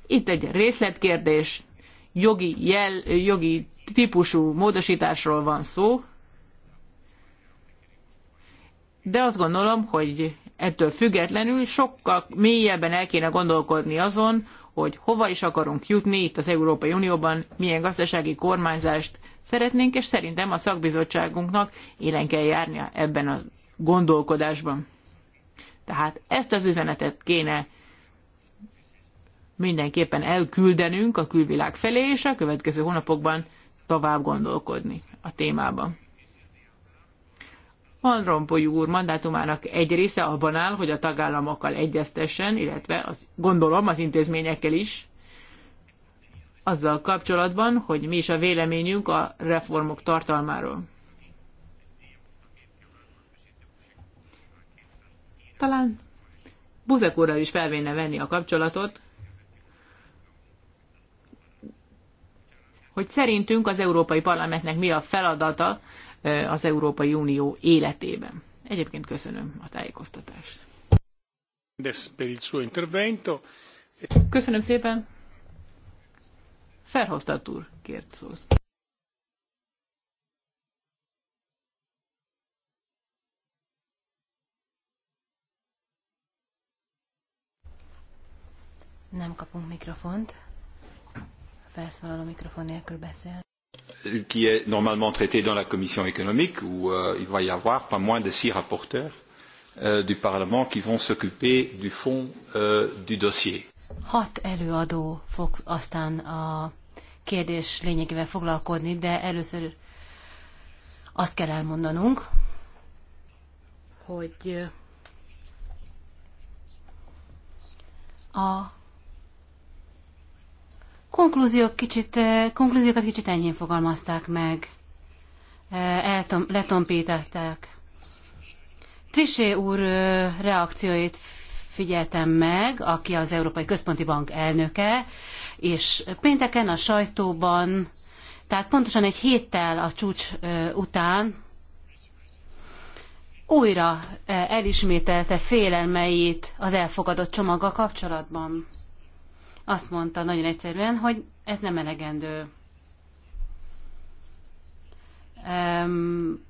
Itt egy részletkérdés, jogi, jel, jogi típusú módosításról van szó, de azt gondolom, hogy ettől függetlenül sokkal mélyebben el kéne gondolkodni azon, hogy hova is akarunk jutni itt az Európai Unióban, milyen gazdasági kormányzást szeretnénk, és szerintem a szakbizottságunknak élen kell járnia ebben a gondolkodásban. Tehát ezt az üzenetet kéne mindenképpen elküldenünk a külvilág felé, és a következő hónapokban tovább gondolkodni a témában. Van Rompuy úr mandátumának egy része abban áll, hogy a tagállamokkal egyeztessen, illetve az, gondolom az intézményekkel is, azzal kapcsolatban, hogy mi is a véleményünk a reformok tartalmáról. Talán Buzek úrral is felvéne venni a kapcsolatot, hogy szerintünk az Európai Parlamentnek mi a feladata az Európai Unió életében. Egyébként köszönöm a tájékoztatást. Köszönöm szépen. Ferhoztat úr kért szót. Nem kapunk mikrofont. A felszólaló mikrofon nélkül beszél qui est normalement traité dans la commission économique où euh, il va y avoir pas moins de six rapporteurs euh, du Parlement qui vont s'occuper du fond euh, du dossier. Hat előadó fog aztán a kérdés lényegével foglalkozni, de először azt kell elmondanunk, hogy a Konklúziók kicsit, eh, konklúziókat kicsit enyhén fogalmazták meg, eh, Eltom, letompítetták. Trisé úr eh, reakcióit figyeltem meg, aki az Európai Központi Bank elnöke, és pénteken a sajtóban, tehát pontosan egy héttel a csúcs után újra elismételte félelmeit az elfogadott csomaggal kapcsolatban azt mondta nagyon egyszerűen, hogy ez nem elegendő. Um,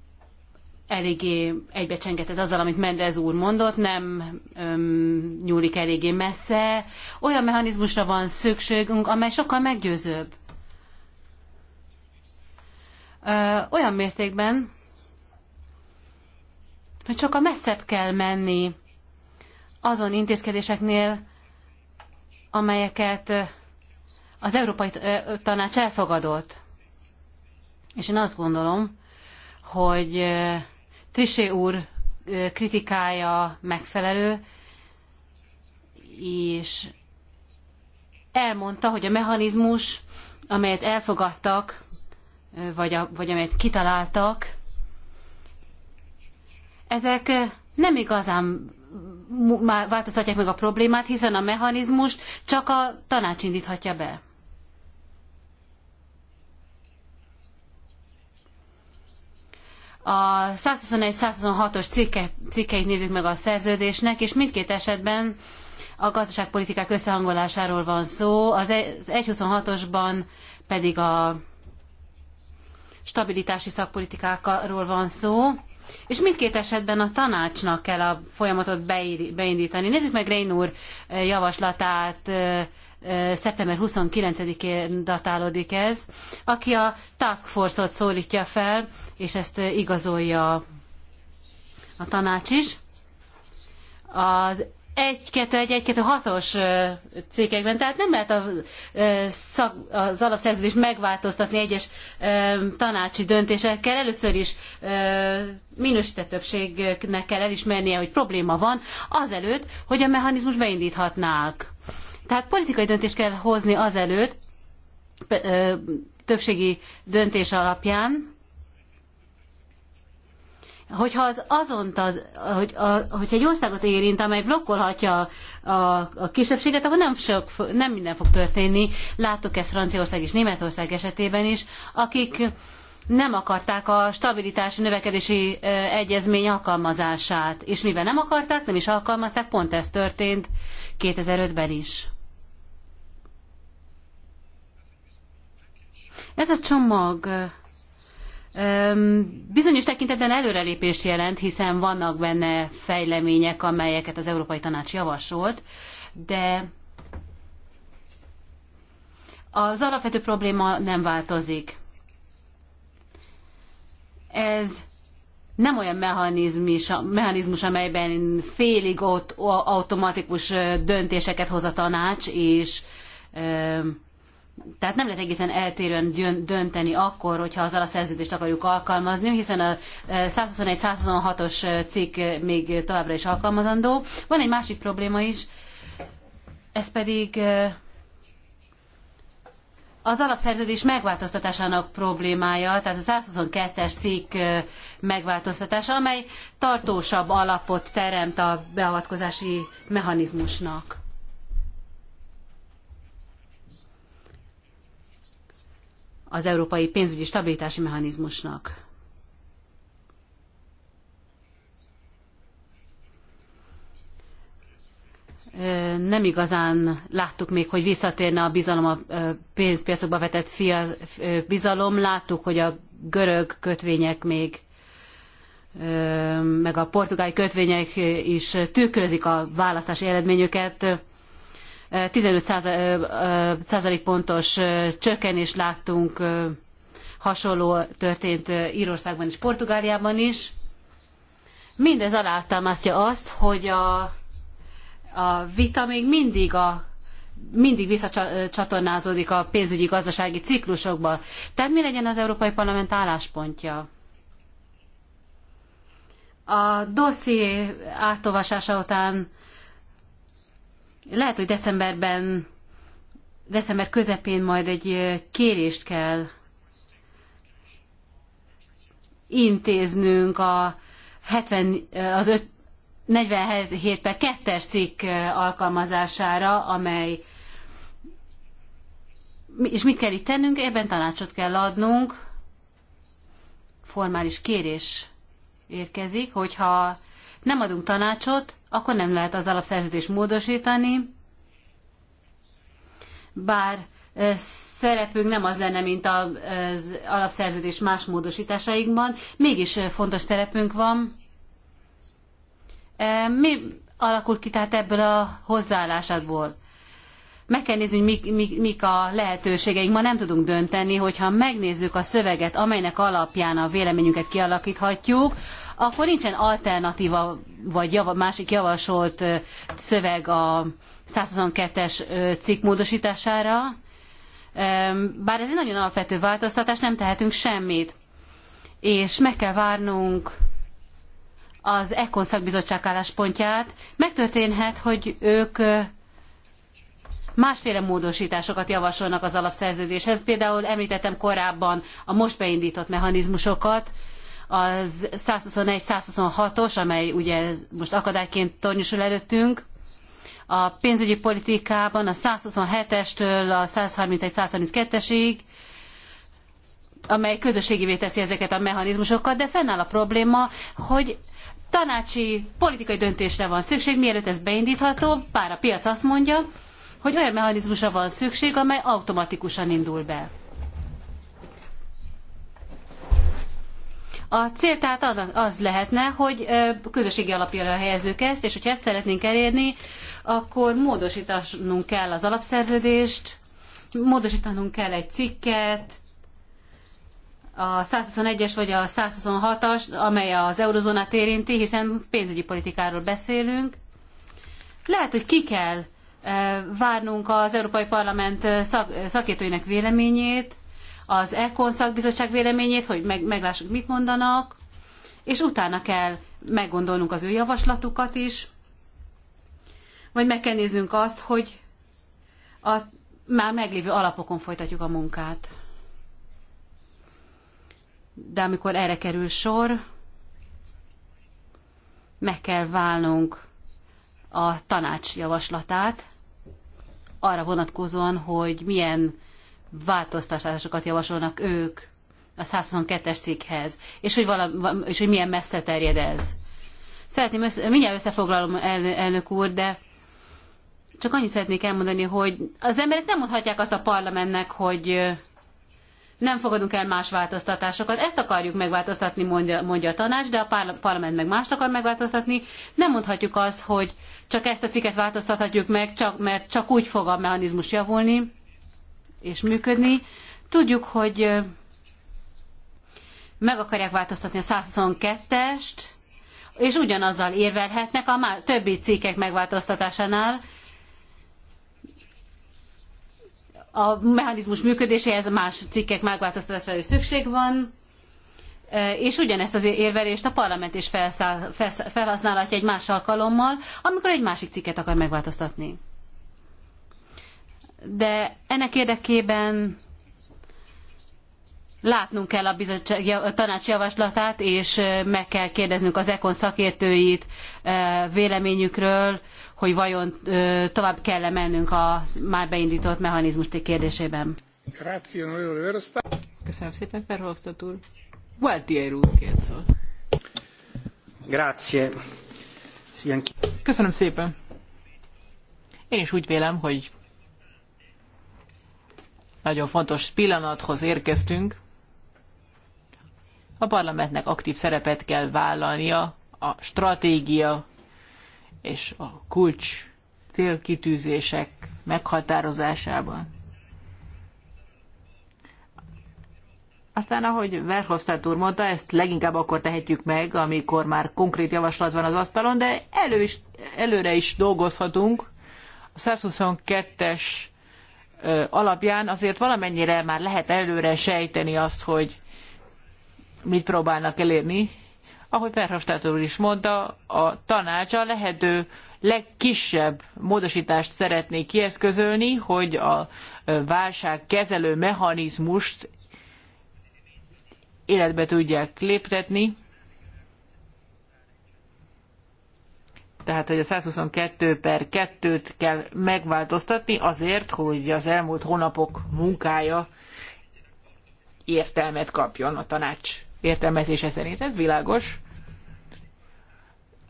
eléggé egybecsenget ez azzal, amit Mendez úr mondott, nem öm, nyúlik eléggé messze. Olyan mechanizmusra van szükségünk, amely sokkal meggyőzőbb. Ö, olyan mértékben, hogy csak a messzebb kell menni azon intézkedéseknél, amelyeket az Európai Tanács elfogadott. És én azt gondolom, hogy Trisé úr kritikája megfelelő, és elmondta, hogy a mechanizmus, amelyet elfogadtak, vagy, a, vagy amelyet kitaláltak, ezek nem igazán változtatják meg a problémát, hiszen a mechanizmust csak a tanács indíthatja be. A 121-126-os cikke, cikkeit nézzük meg a szerződésnek, és mindkét esetben a gazdaságpolitikák összehangolásáról van szó, az 1.26-osban e- pedig a stabilitási szakpolitikákról van szó és mindkét esetben a tanácsnak kell a folyamatot beindítani. Nézzük meg Rein úr javaslatát, szeptember 29-én datálódik ez, aki a Task Force-ot szólítja fel, és ezt igazolja a tanács is. Az egy 2 egy 1 2 6 os cikkekben, tehát nem lehet a, szak, az alapszerződést megváltoztatni egyes tanácsi döntésekkel. Először is minősített többségnek kell elismernie, hogy probléma van, azelőtt, hogy a mechanizmus beindíthatnák. Tehát politikai döntést kell hozni azelőtt, többségi döntés alapján, Hogyha az azont, az, hogy, a, hogyha egy országot érint, amely blokkolhatja a, a kisebbséget, akkor nem, sok, nem minden fog történni. Láttuk ezt Franciaország és Németország esetében is, akik nem akarták a stabilitási növekedési egyezmény alkalmazását. És mivel nem akarták, nem is alkalmazták, pont ez történt 2005-ben is. Ez a csomag bizonyos tekintetben előrelépés jelent, hiszen vannak benne fejlemények, amelyeket az Európai Tanács javasolt, de az alapvető probléma nem változik. Ez nem olyan mechanizmus, mechanizmus amelyben félig ott automatikus döntéseket hoz a tanács, és tehát nem lehet egészen eltérően dönteni akkor, hogyha azzal a szerződést akarjuk alkalmazni, hiszen a 121-126-os e, e, cikk még továbbra is alkalmazandó. Van egy másik probléma is, ez pedig e, az alapszerződés megváltoztatásának problémája, tehát a 122-es cikk megváltoztatása, amely tartósabb alapot teremt a beavatkozási mechanizmusnak. az európai pénzügyi stabilitási mechanizmusnak. nem igazán láttuk még, hogy visszatérne a bizalom a pénzpiacokba vetett fia, bizalom. Láttuk, hogy a görög kötvények még meg a portugál kötvények is tükrözik a választási eredményüket. 15 pontos csökkenést láttunk, hasonló történt Írországban és Portugáliában is. Mindez alátámasztja azt, hogy a, a vita még mindig a mindig visszacsatornázódik a pénzügyi gazdasági ciklusokba. Tehát mi legyen az Európai Parlament álláspontja? A dosszié átolvasása után lehet, hogy decemberben, december közepén majd egy kérést kell intéznünk a 70, az 5, 47 per 2-es cikk alkalmazására, amely és mit kell itt tennünk? Ebben tanácsot kell adnunk. Formális kérés érkezik, hogyha nem adunk tanácsot, akkor nem lehet az alapszerződést módosítani, bár szerepünk nem az lenne, mint az alapszerződés más módosításaikban, mégis fontos szerepünk van. Mi alakul ki tehát ebből a hozzáállásátból? meg kell nézni, hogy mik, mik, mik a lehetőségeink. Ma nem tudunk dönteni, hogyha megnézzük a szöveget, amelynek alapján a véleményünket kialakíthatjuk, akkor nincsen alternatíva vagy java, másik javasolt szöveg a 122-es cikk módosítására. Bár ez egy nagyon alapvető változtatás, nem tehetünk semmit. És meg kell várnunk az ECON szakbizottság álláspontját. Megtörténhet, hogy ők másféle módosításokat javasolnak az alapszerződéshez. Például említettem korábban a most beindított mechanizmusokat, az 121-126-os, amely ugye most akadályként tornyosul előttünk, a pénzügyi politikában a 127-estől a 131-132-esig, amely közösségivé teszi ezeket a mechanizmusokat, de fennáll a probléma, hogy tanácsi politikai döntésre van szükség, mielőtt ez beindítható, bár a piac azt mondja, hogy olyan mechanizmusra van szükség, amely automatikusan indul be. A cél tehát az lehetne, hogy közösségi alapjára helyezzük ezt, és hogyha ezt szeretnénk elérni, akkor módosítanunk kell az alapszerződést, módosítanunk kell egy cikket, a 121-es vagy a 126-as, amely az eurozónát érinti, hiszen pénzügyi politikáról beszélünk. Lehet, hogy ki kell várnunk az Európai Parlament szak, szakértőinek véleményét, az ECON szakbizottság véleményét, hogy meg, meglássuk, mit mondanak, és utána kell meggondolnunk az ő javaslatukat is, vagy meg kell néznünk azt, hogy a már meglévő alapokon folytatjuk a munkát. De amikor erre kerül sor, meg kell válnunk a tanács javaslatát arra vonatkozóan, hogy milyen változtatásokat javasolnak ők a 122-es cikkhez, és hogy, vala, és hogy milyen messze terjed ez. Szeretném, össze, mindjárt összefoglalom, el, elnök úr, de csak annyit szeretnék elmondani, hogy az emberek nem mondhatják azt a parlamentnek, hogy nem fogadunk el más változtatásokat. Ezt akarjuk megváltoztatni, mondja, mondja a tanács, de a parlament meg mást akar megváltoztatni. Nem mondhatjuk azt, hogy csak ezt a cikket változtathatjuk meg, csak, mert csak úgy fog a mechanizmus javulni és működni. Tudjuk, hogy meg akarják változtatni a 122-est, és ugyanazzal érvelhetnek a többi cikkek megváltoztatásánál, a mechanizmus működéséhez más cikkek megváltoztatására is szükség van, e, és ugyanezt az érvelést a parlament is felszáll, felhasználhatja egy más alkalommal, amikor egy másik cikket akar megváltoztatni. De ennek érdekében látnunk kell a, bizottság, a tanács javaslatát, és meg kell kérdeznünk az EKON szakértőit véleményükről, hogy vajon tovább kell-e mennünk a már beindított mechanizmus kérdésében. Köszönöm szépen, Verhofstadt úr. Gualtier úr kérdszól. Grazie. Köszönöm szépen. Én is úgy vélem, hogy nagyon fontos pillanathoz érkeztünk. A parlamentnek aktív szerepet kell vállalnia a stratégia és a kulcs célkitűzések meghatározásában. Aztán, ahogy Verhofstadt úr mondta, ezt leginkább akkor tehetjük meg, amikor már konkrét javaslat van az asztalon, de elő is, előre is dolgozhatunk. A 122-es alapján azért valamennyire már lehet előre sejteni azt, hogy mit próbálnak elérni. Ahogy Verhofstadt úr is mondta, a tanács a lehető legkisebb módosítást szeretné kieszközölni, hogy a válságkezelő mechanizmust életbe tudják léptetni. Tehát, hogy a 122 per 2-t kell megváltoztatni azért, hogy az elmúlt hónapok munkája értelmet kapjon a tanács értelmezése szerint. Ez világos.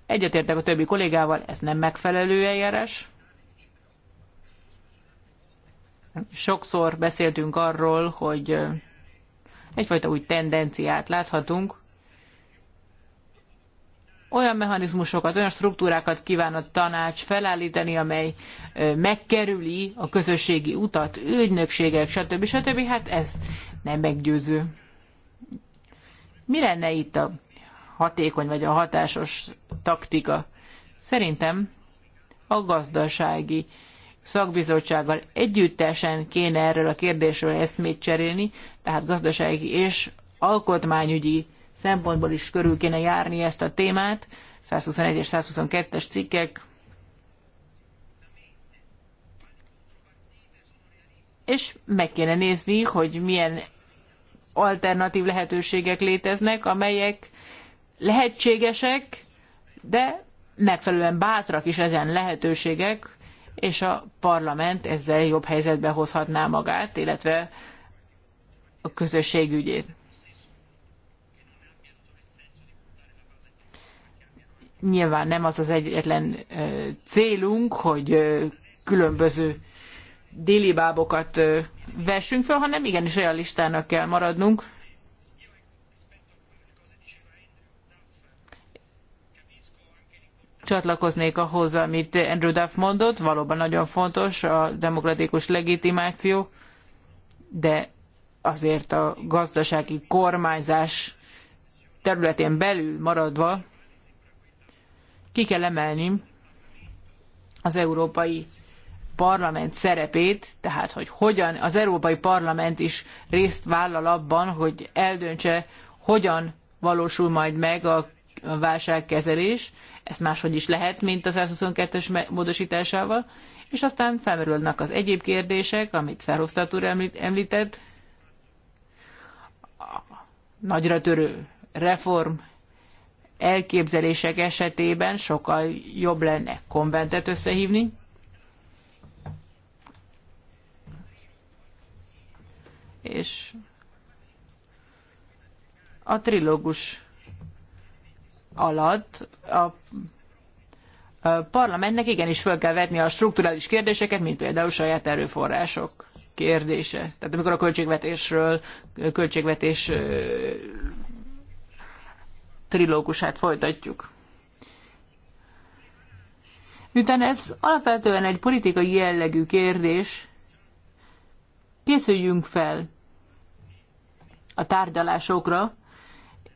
Egyetértek a többi kollégával, ez nem megfelelő eljárás. Sokszor beszéltünk arról, hogy egyfajta új tendenciát láthatunk, olyan mechanizmusokat, olyan struktúrákat kíván a tanács felállítani, amely megkerüli a közösségi utat, ügynökségek, stb. stb. Hát ez nem meggyőző. Mi lenne itt a hatékony vagy a hatásos taktika? Szerintem a gazdasági szakbizottsággal együttesen kéne erről a kérdésről eszmét cserélni, tehát gazdasági és alkotmányügyi szempontból is körül kéne járni ezt a témát. 121 és 122-es cikkek. És meg kéne nézni, hogy milyen alternatív lehetőségek léteznek, amelyek lehetségesek, de megfelelően bátrak is ezen lehetőségek, és a parlament ezzel jobb helyzetbe hozhatná magát, illetve a közösség ügyét. Nyilván nem az az egyetlen célunk, hogy különböző déli bábokat vessünk föl, hanem igenis realistának kell maradnunk. Csatlakoznék ahhoz, amit Andrew Duff mondott, valóban nagyon fontos a demokratikus legitimáció, de azért a gazdasági kormányzás területén belül maradva ki kell emelni az európai Parlament szerepét, tehát hogy hogyan az Európai Parlament is részt vállal abban, hogy eldöntse, hogyan valósul majd meg a válságkezelés, ezt máshogy is lehet, mint a 122-es módosításával, és aztán felmerülnek az egyéb kérdések, amit Szerosztát úr említett, a nagyra törő reform elképzelések esetében sokkal jobb lenne konventet összehívni, és a trilógus alatt a parlamentnek igenis fel kell vetni a strukturális kérdéseket, mint például saját erőforrások kérdése. Tehát amikor a költségvetésről, költségvetés trilógusát folytatjuk. Miután ez alapvetően egy politikai jellegű kérdés, készüljünk fel a tárgyalásokra,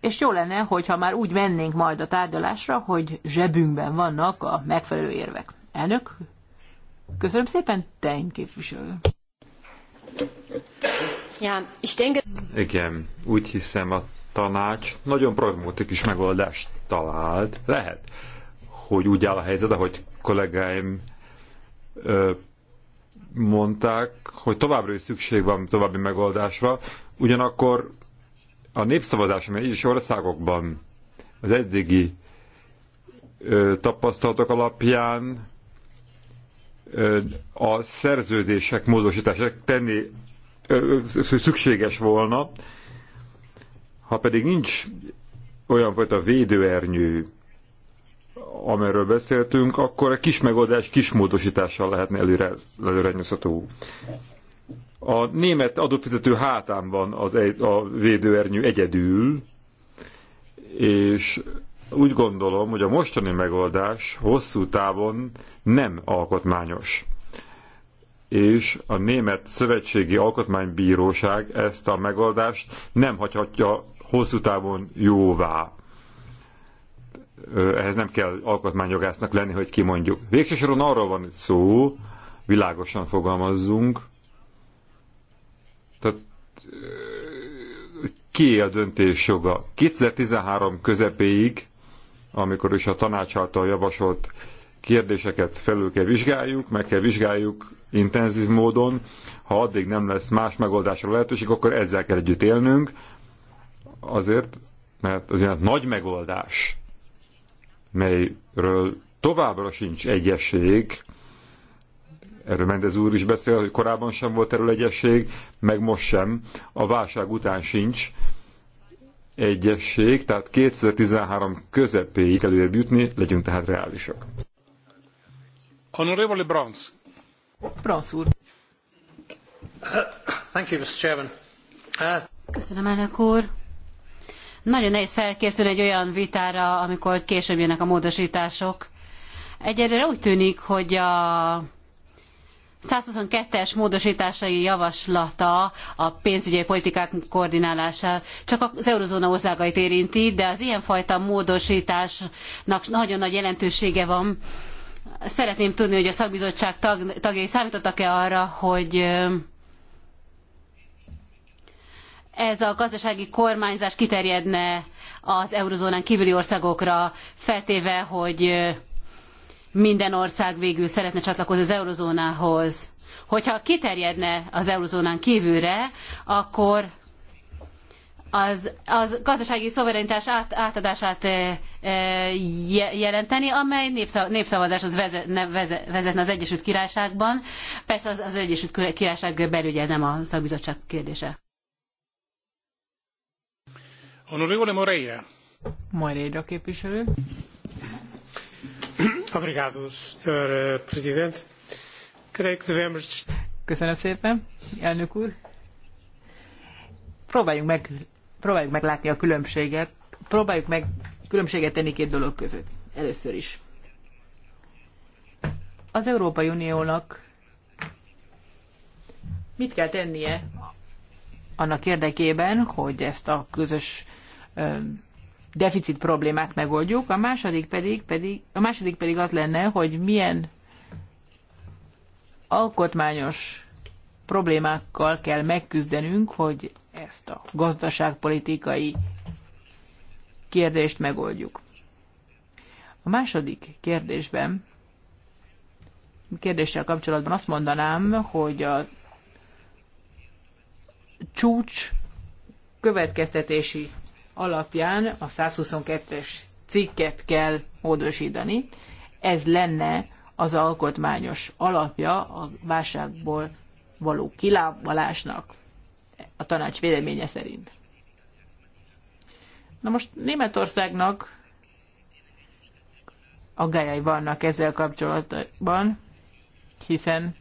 és jó lenne, hogyha már úgy mennénk majd a tárgyalásra, hogy zsebünkben vannak a megfelelő érvek. Elnök, köszönöm szépen, Tein képviselő. Ja, és denke... Igen, úgy hiszem a tanács nagyon pragmatikus megoldást talált. Lehet, hogy úgy áll a helyzet, ahogy kollégáim ö, mondták, hogy továbbra is szükség van további megoldásra, ugyanakkor a népszavazás, amely egyes országokban az eddigi ö, tapasztalatok alapján ö, a szerződések módosítását tenni ö, szükséges volna, ha pedig nincs olyan fajta védőernyő, amiről beszéltünk, akkor a kis megoldás kis módosítással lehetne előre, előrenyezhető. A német adófizető hátán van az, a védőernyő egyedül, és úgy gondolom, hogy a mostani megoldás hosszú távon nem alkotmányos. És a Német Szövetségi Alkotmánybíróság ezt a megoldást nem hagyhatja hosszú távon jóvá ehhez nem kell alkotmányjogásznak lenni, hogy kimondjuk. Végső soron arról van itt szó, világosan fogalmazzunk, tehát ki a döntés joga? 2013 közepéig, amikor is a tanács által javasolt kérdéseket felül kell vizsgáljuk, meg kell vizsgáljuk intenzív módon, ha addig nem lesz más megoldásra lehetőség, akkor ezzel kell együtt élnünk, azért, mert az olyan nagy megoldás, melyről továbbra sincs egyesség, erről Mendez úr is beszél, hogy korábban sem volt erről egyesség, meg most sem, a válság után sincs egyesség, tehát 2013 közepéig előrébb jutni, legyünk tehát reálisak. Honorable Bronz. Brons úr. Thank you, Mr. Chairman. Uh, Köszönöm, elnök úr. Nagyon nehéz felkészülni egy olyan vitára, amikor később jönnek a módosítások. Egyelőre úgy tűnik, hogy a 122-es módosításai javaslata a pénzügyi politikák koordinálására csak az eurozóna országait érinti, de az ilyen fajta módosításnak nagyon nagy jelentősége van. Szeretném tudni, hogy a szakbizottság tag, tagjai számítottak-e arra, hogy ez a gazdasági kormányzás kiterjedne az eurozónán kívüli országokra, feltéve, hogy minden ország végül szeretne csatlakozni az eurozónához. Hogyha kiterjedne az eurozónán kívülre, akkor az, az gazdasági szuverenitás át, átadását e, e, jelenteni, amely népszav, népszavazáshoz vezetne, vezetne az Egyesült Királyságban. Persze az, az Egyesült Királyság belügye nem a szakbizottság kérdése. Honorevole eh, Köszönöm szépen, elnök úr. Próbáljunk meg, próbáljuk meg látni a különbséget. Próbáljuk meg különbséget tenni két dolog között. Először is. Az Európai Uniónak mit kell tennie annak érdekében, hogy ezt a közös deficit problémát megoldjuk, a második pedig, pedig, a második pedig az lenne, hogy milyen alkotmányos problémákkal kell megküzdenünk, hogy ezt a gazdaságpolitikai kérdést megoldjuk. A második kérdésben, kérdéssel kapcsolatban azt mondanám, hogy a csúcs következtetési alapján a 122-es cikket kell módosítani. Ez lenne az alkotmányos alapja a válságból való kilábalásnak a tanács véleménye szerint. Na most Németországnak aggályai vannak ezzel kapcsolatban, hiszen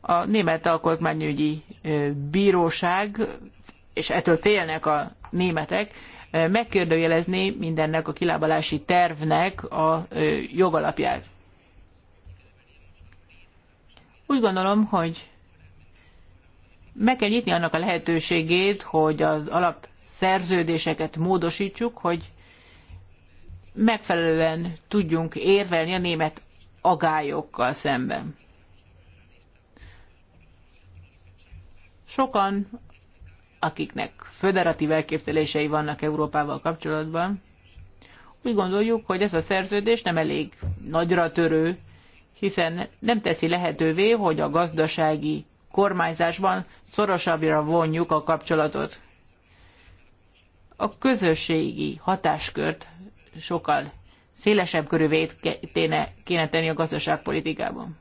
a Német Alkotmányügyi Bíróság és ettől félnek a németek, megkérdőjelezni mindennek a kilábalási tervnek a jogalapját. Úgy gondolom, hogy meg kell nyitni annak a lehetőségét, hogy az alapszerződéseket módosítsuk, hogy megfelelően tudjunk érvelni a német agályokkal szemben. Sokan akiknek föderatív elképzelései vannak Európával kapcsolatban, úgy gondoljuk, hogy ez a szerződés nem elég nagyra törő, hiszen nem teszi lehetővé, hogy a gazdasági kormányzásban szorosabbra vonjuk a kapcsolatot. A közösségi hatáskört sokkal szélesebb körűvét kéne tenni a gazdaságpolitikában.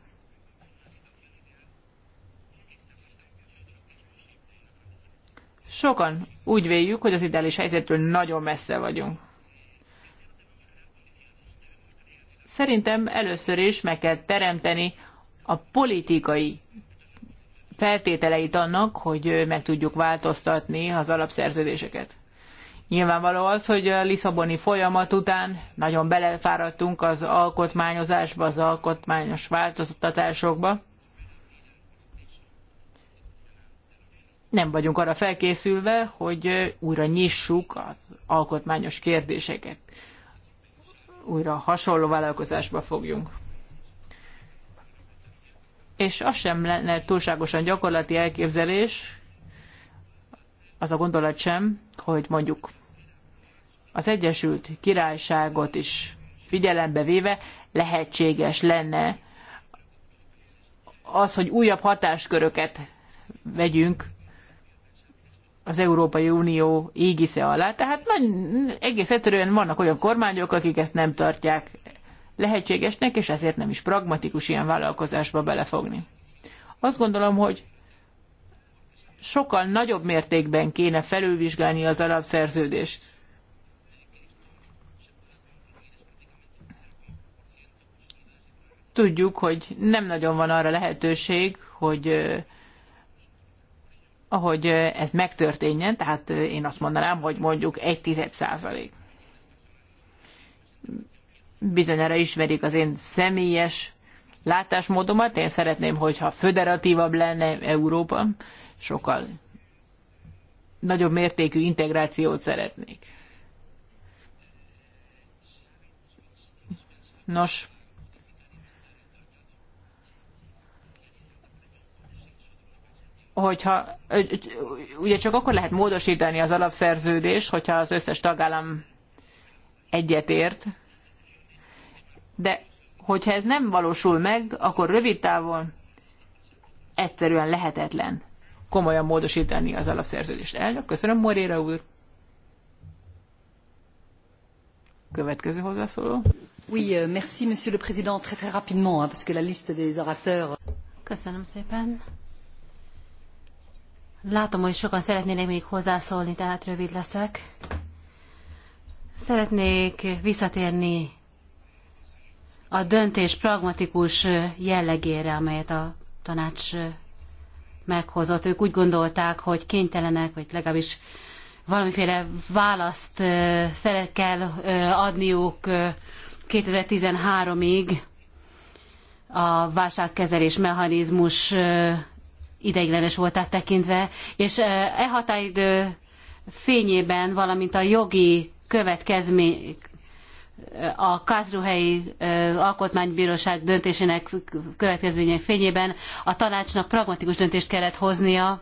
Sokan úgy véljük, hogy az ideális helyzettől nagyon messze vagyunk. Szerintem először is meg kell teremteni a politikai feltételeit annak, hogy meg tudjuk változtatni az alapszerződéseket. Nyilvánvaló az, hogy a Lisszaboni folyamat után nagyon belefáradtunk az alkotmányozásba, az alkotmányos változtatásokba. nem vagyunk arra felkészülve, hogy újra nyissuk az alkotmányos kérdéseket. Újra hasonló vállalkozásba fogjunk. És az sem lenne túlságosan gyakorlati elképzelés, az a gondolat sem, hogy mondjuk az Egyesült Királyságot is figyelembe véve lehetséges lenne az, hogy újabb hatásköröket vegyünk az Európai Unió égisze alá. Tehát nagy, egész egyszerűen vannak olyan kormányok, akik ezt nem tartják lehetségesnek, és ezért nem is pragmatikus ilyen vállalkozásba belefogni. Azt gondolom, hogy sokkal nagyobb mértékben kéne felülvizsgálni az alapszerződést. Tudjuk, hogy nem nagyon van arra lehetőség, hogy ahogy ez megtörténjen, tehát én azt mondanám, hogy mondjuk egy tized százalék. Bizonyára ismerik az én személyes látásmódomat, én szeretném, hogyha föderatívabb lenne Európa, sokkal nagyobb mértékű integrációt szeretnék. Nos, hogyha ugye csak akkor lehet módosítani az alapszerződés, hogyha az összes tagállam egyetért, de hogyha ez nem valósul meg, akkor rövid távon egyszerűen lehetetlen komolyan módosítani az alapszerződést. Elnök, köszönöm, Moréra úr. Következő hozzászóló. Oui, euh, merci, monsieur le président, très très rapidement, parce que la liste des orateurs... Köszönöm szépen. Látom, hogy sokan szeretnének még hozzászólni, tehát rövid leszek. Szeretnék visszatérni a döntés pragmatikus jellegére, amelyet a tanács meghozott. Ők úgy gondolták, hogy kénytelenek, vagy legalábbis valamiféle választ kell adniuk 2013-ig a válságkezelés mechanizmus ideiglenes voltát tekintve, és e határidő fényében, valamint a jogi következmény, a Kázruhelyi Alkotmánybíróság döntésének következményei fényében a tanácsnak pragmatikus döntést kellett hoznia,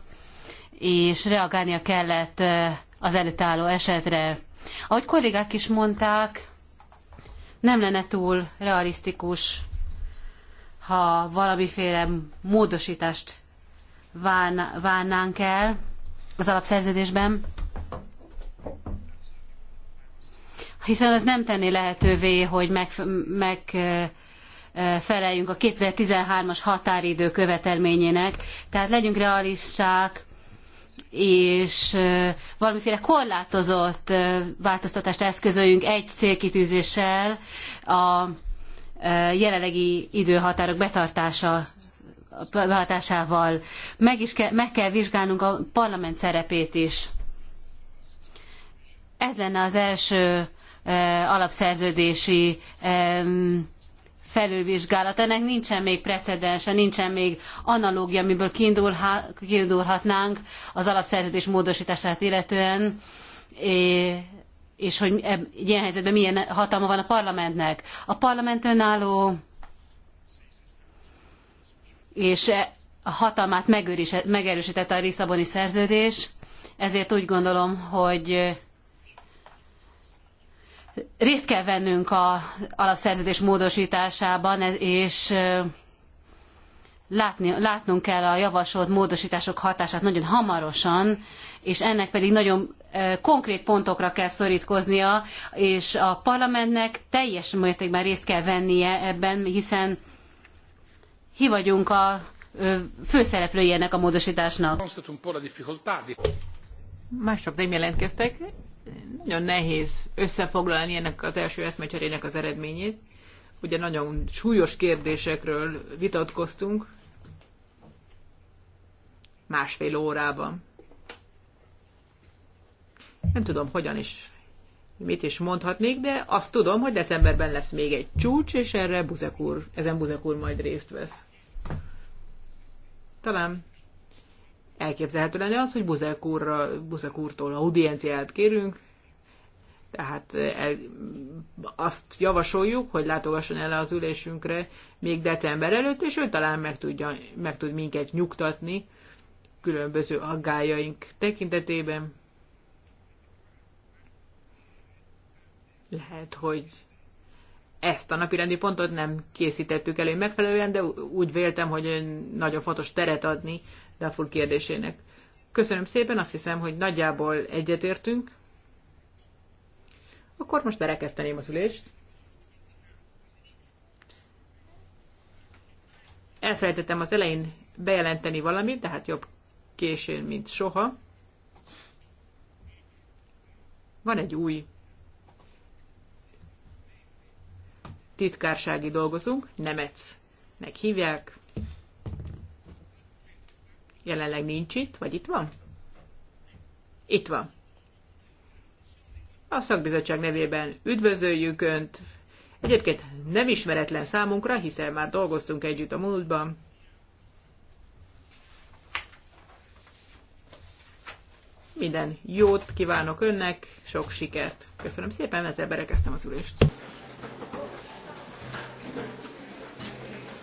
és reagálnia kellett az előtt álló esetre. Ahogy kollégák is mondták, nem lenne túl realisztikus, ha valamiféle módosítást várnánk el az alapszerződésben, hiszen ez nem tenné lehetővé, hogy meg, meg, a 2013-as határidő követelményének. Tehát legyünk realisták, és valamiféle korlátozott változtatást eszközöljünk egy célkitűzéssel a jelenlegi időhatárok betartása behatásával. Meg, is ke, meg kell vizsgálnunk a parlament szerepét is. Ez lenne az első e, alapszerződési e, felülvizsgálat. Ennek nincsen még precedense, nincsen még analógia, amiből kiindulhatnánk az alapszerződés módosítását illetően, és hogy e- ilyen helyzetben milyen hatalma van a parlamentnek. A parlament önálló és e a hatalmát megerősítette a Lisszaboni szerződés, ezért úgy gondolom, hogy részt kell vennünk a alapszerződés módosításában, és látni, látnunk kell a javasolt módosítások hatását nagyon hamarosan, és ennek pedig nagyon konkrét pontokra kell szorítkoznia, és a parlamentnek teljes mértékben részt kell vennie ebben, hiszen hi vagyunk a főszereplői ennek a módosításnak. Mások nem jelentkeztek. Nagyon nehéz összefoglalni ennek az első eszmecserének az eredményét. Ugye nagyon súlyos kérdésekről vitatkoztunk másfél órában. Nem tudom, hogyan is mit is mondhatnék, de azt tudom, hogy decemberben lesz még egy csúcs, és erre Buzek úr, ezen Buzek úr majd részt vesz. Talán elképzelhető lenne az, hogy Buzek, úrra, Buzek úrtól audienciát kérünk, tehát el, azt javasoljuk, hogy látogasson el az ülésünkre még december előtt, és ő talán meg, tudja, meg tud minket nyugtatni különböző aggájaink tekintetében. Lehet, hogy ezt a napirendi pontot nem készítettük elő megfelelően, de úgy véltem, hogy nagyon fontos teret adni Dafur kérdésének. Köszönöm szépen, azt hiszem, hogy nagyjából egyetértünk. Akkor most berekezteném az ülést. Elfelejtettem az elején bejelenteni valamit, tehát jobb későn, mint soha. Van egy új titkársági dolgozunk, Nemecnek hívják. Jelenleg nincs itt, vagy itt van? Itt van. A szakbizottság nevében üdvözöljük Önt. Egyébként nem ismeretlen számunkra, hiszen már dolgoztunk együtt a múltban. Minden jót kívánok Önnek, sok sikert. Köszönöm szépen, ezzel berekeztem az ülést.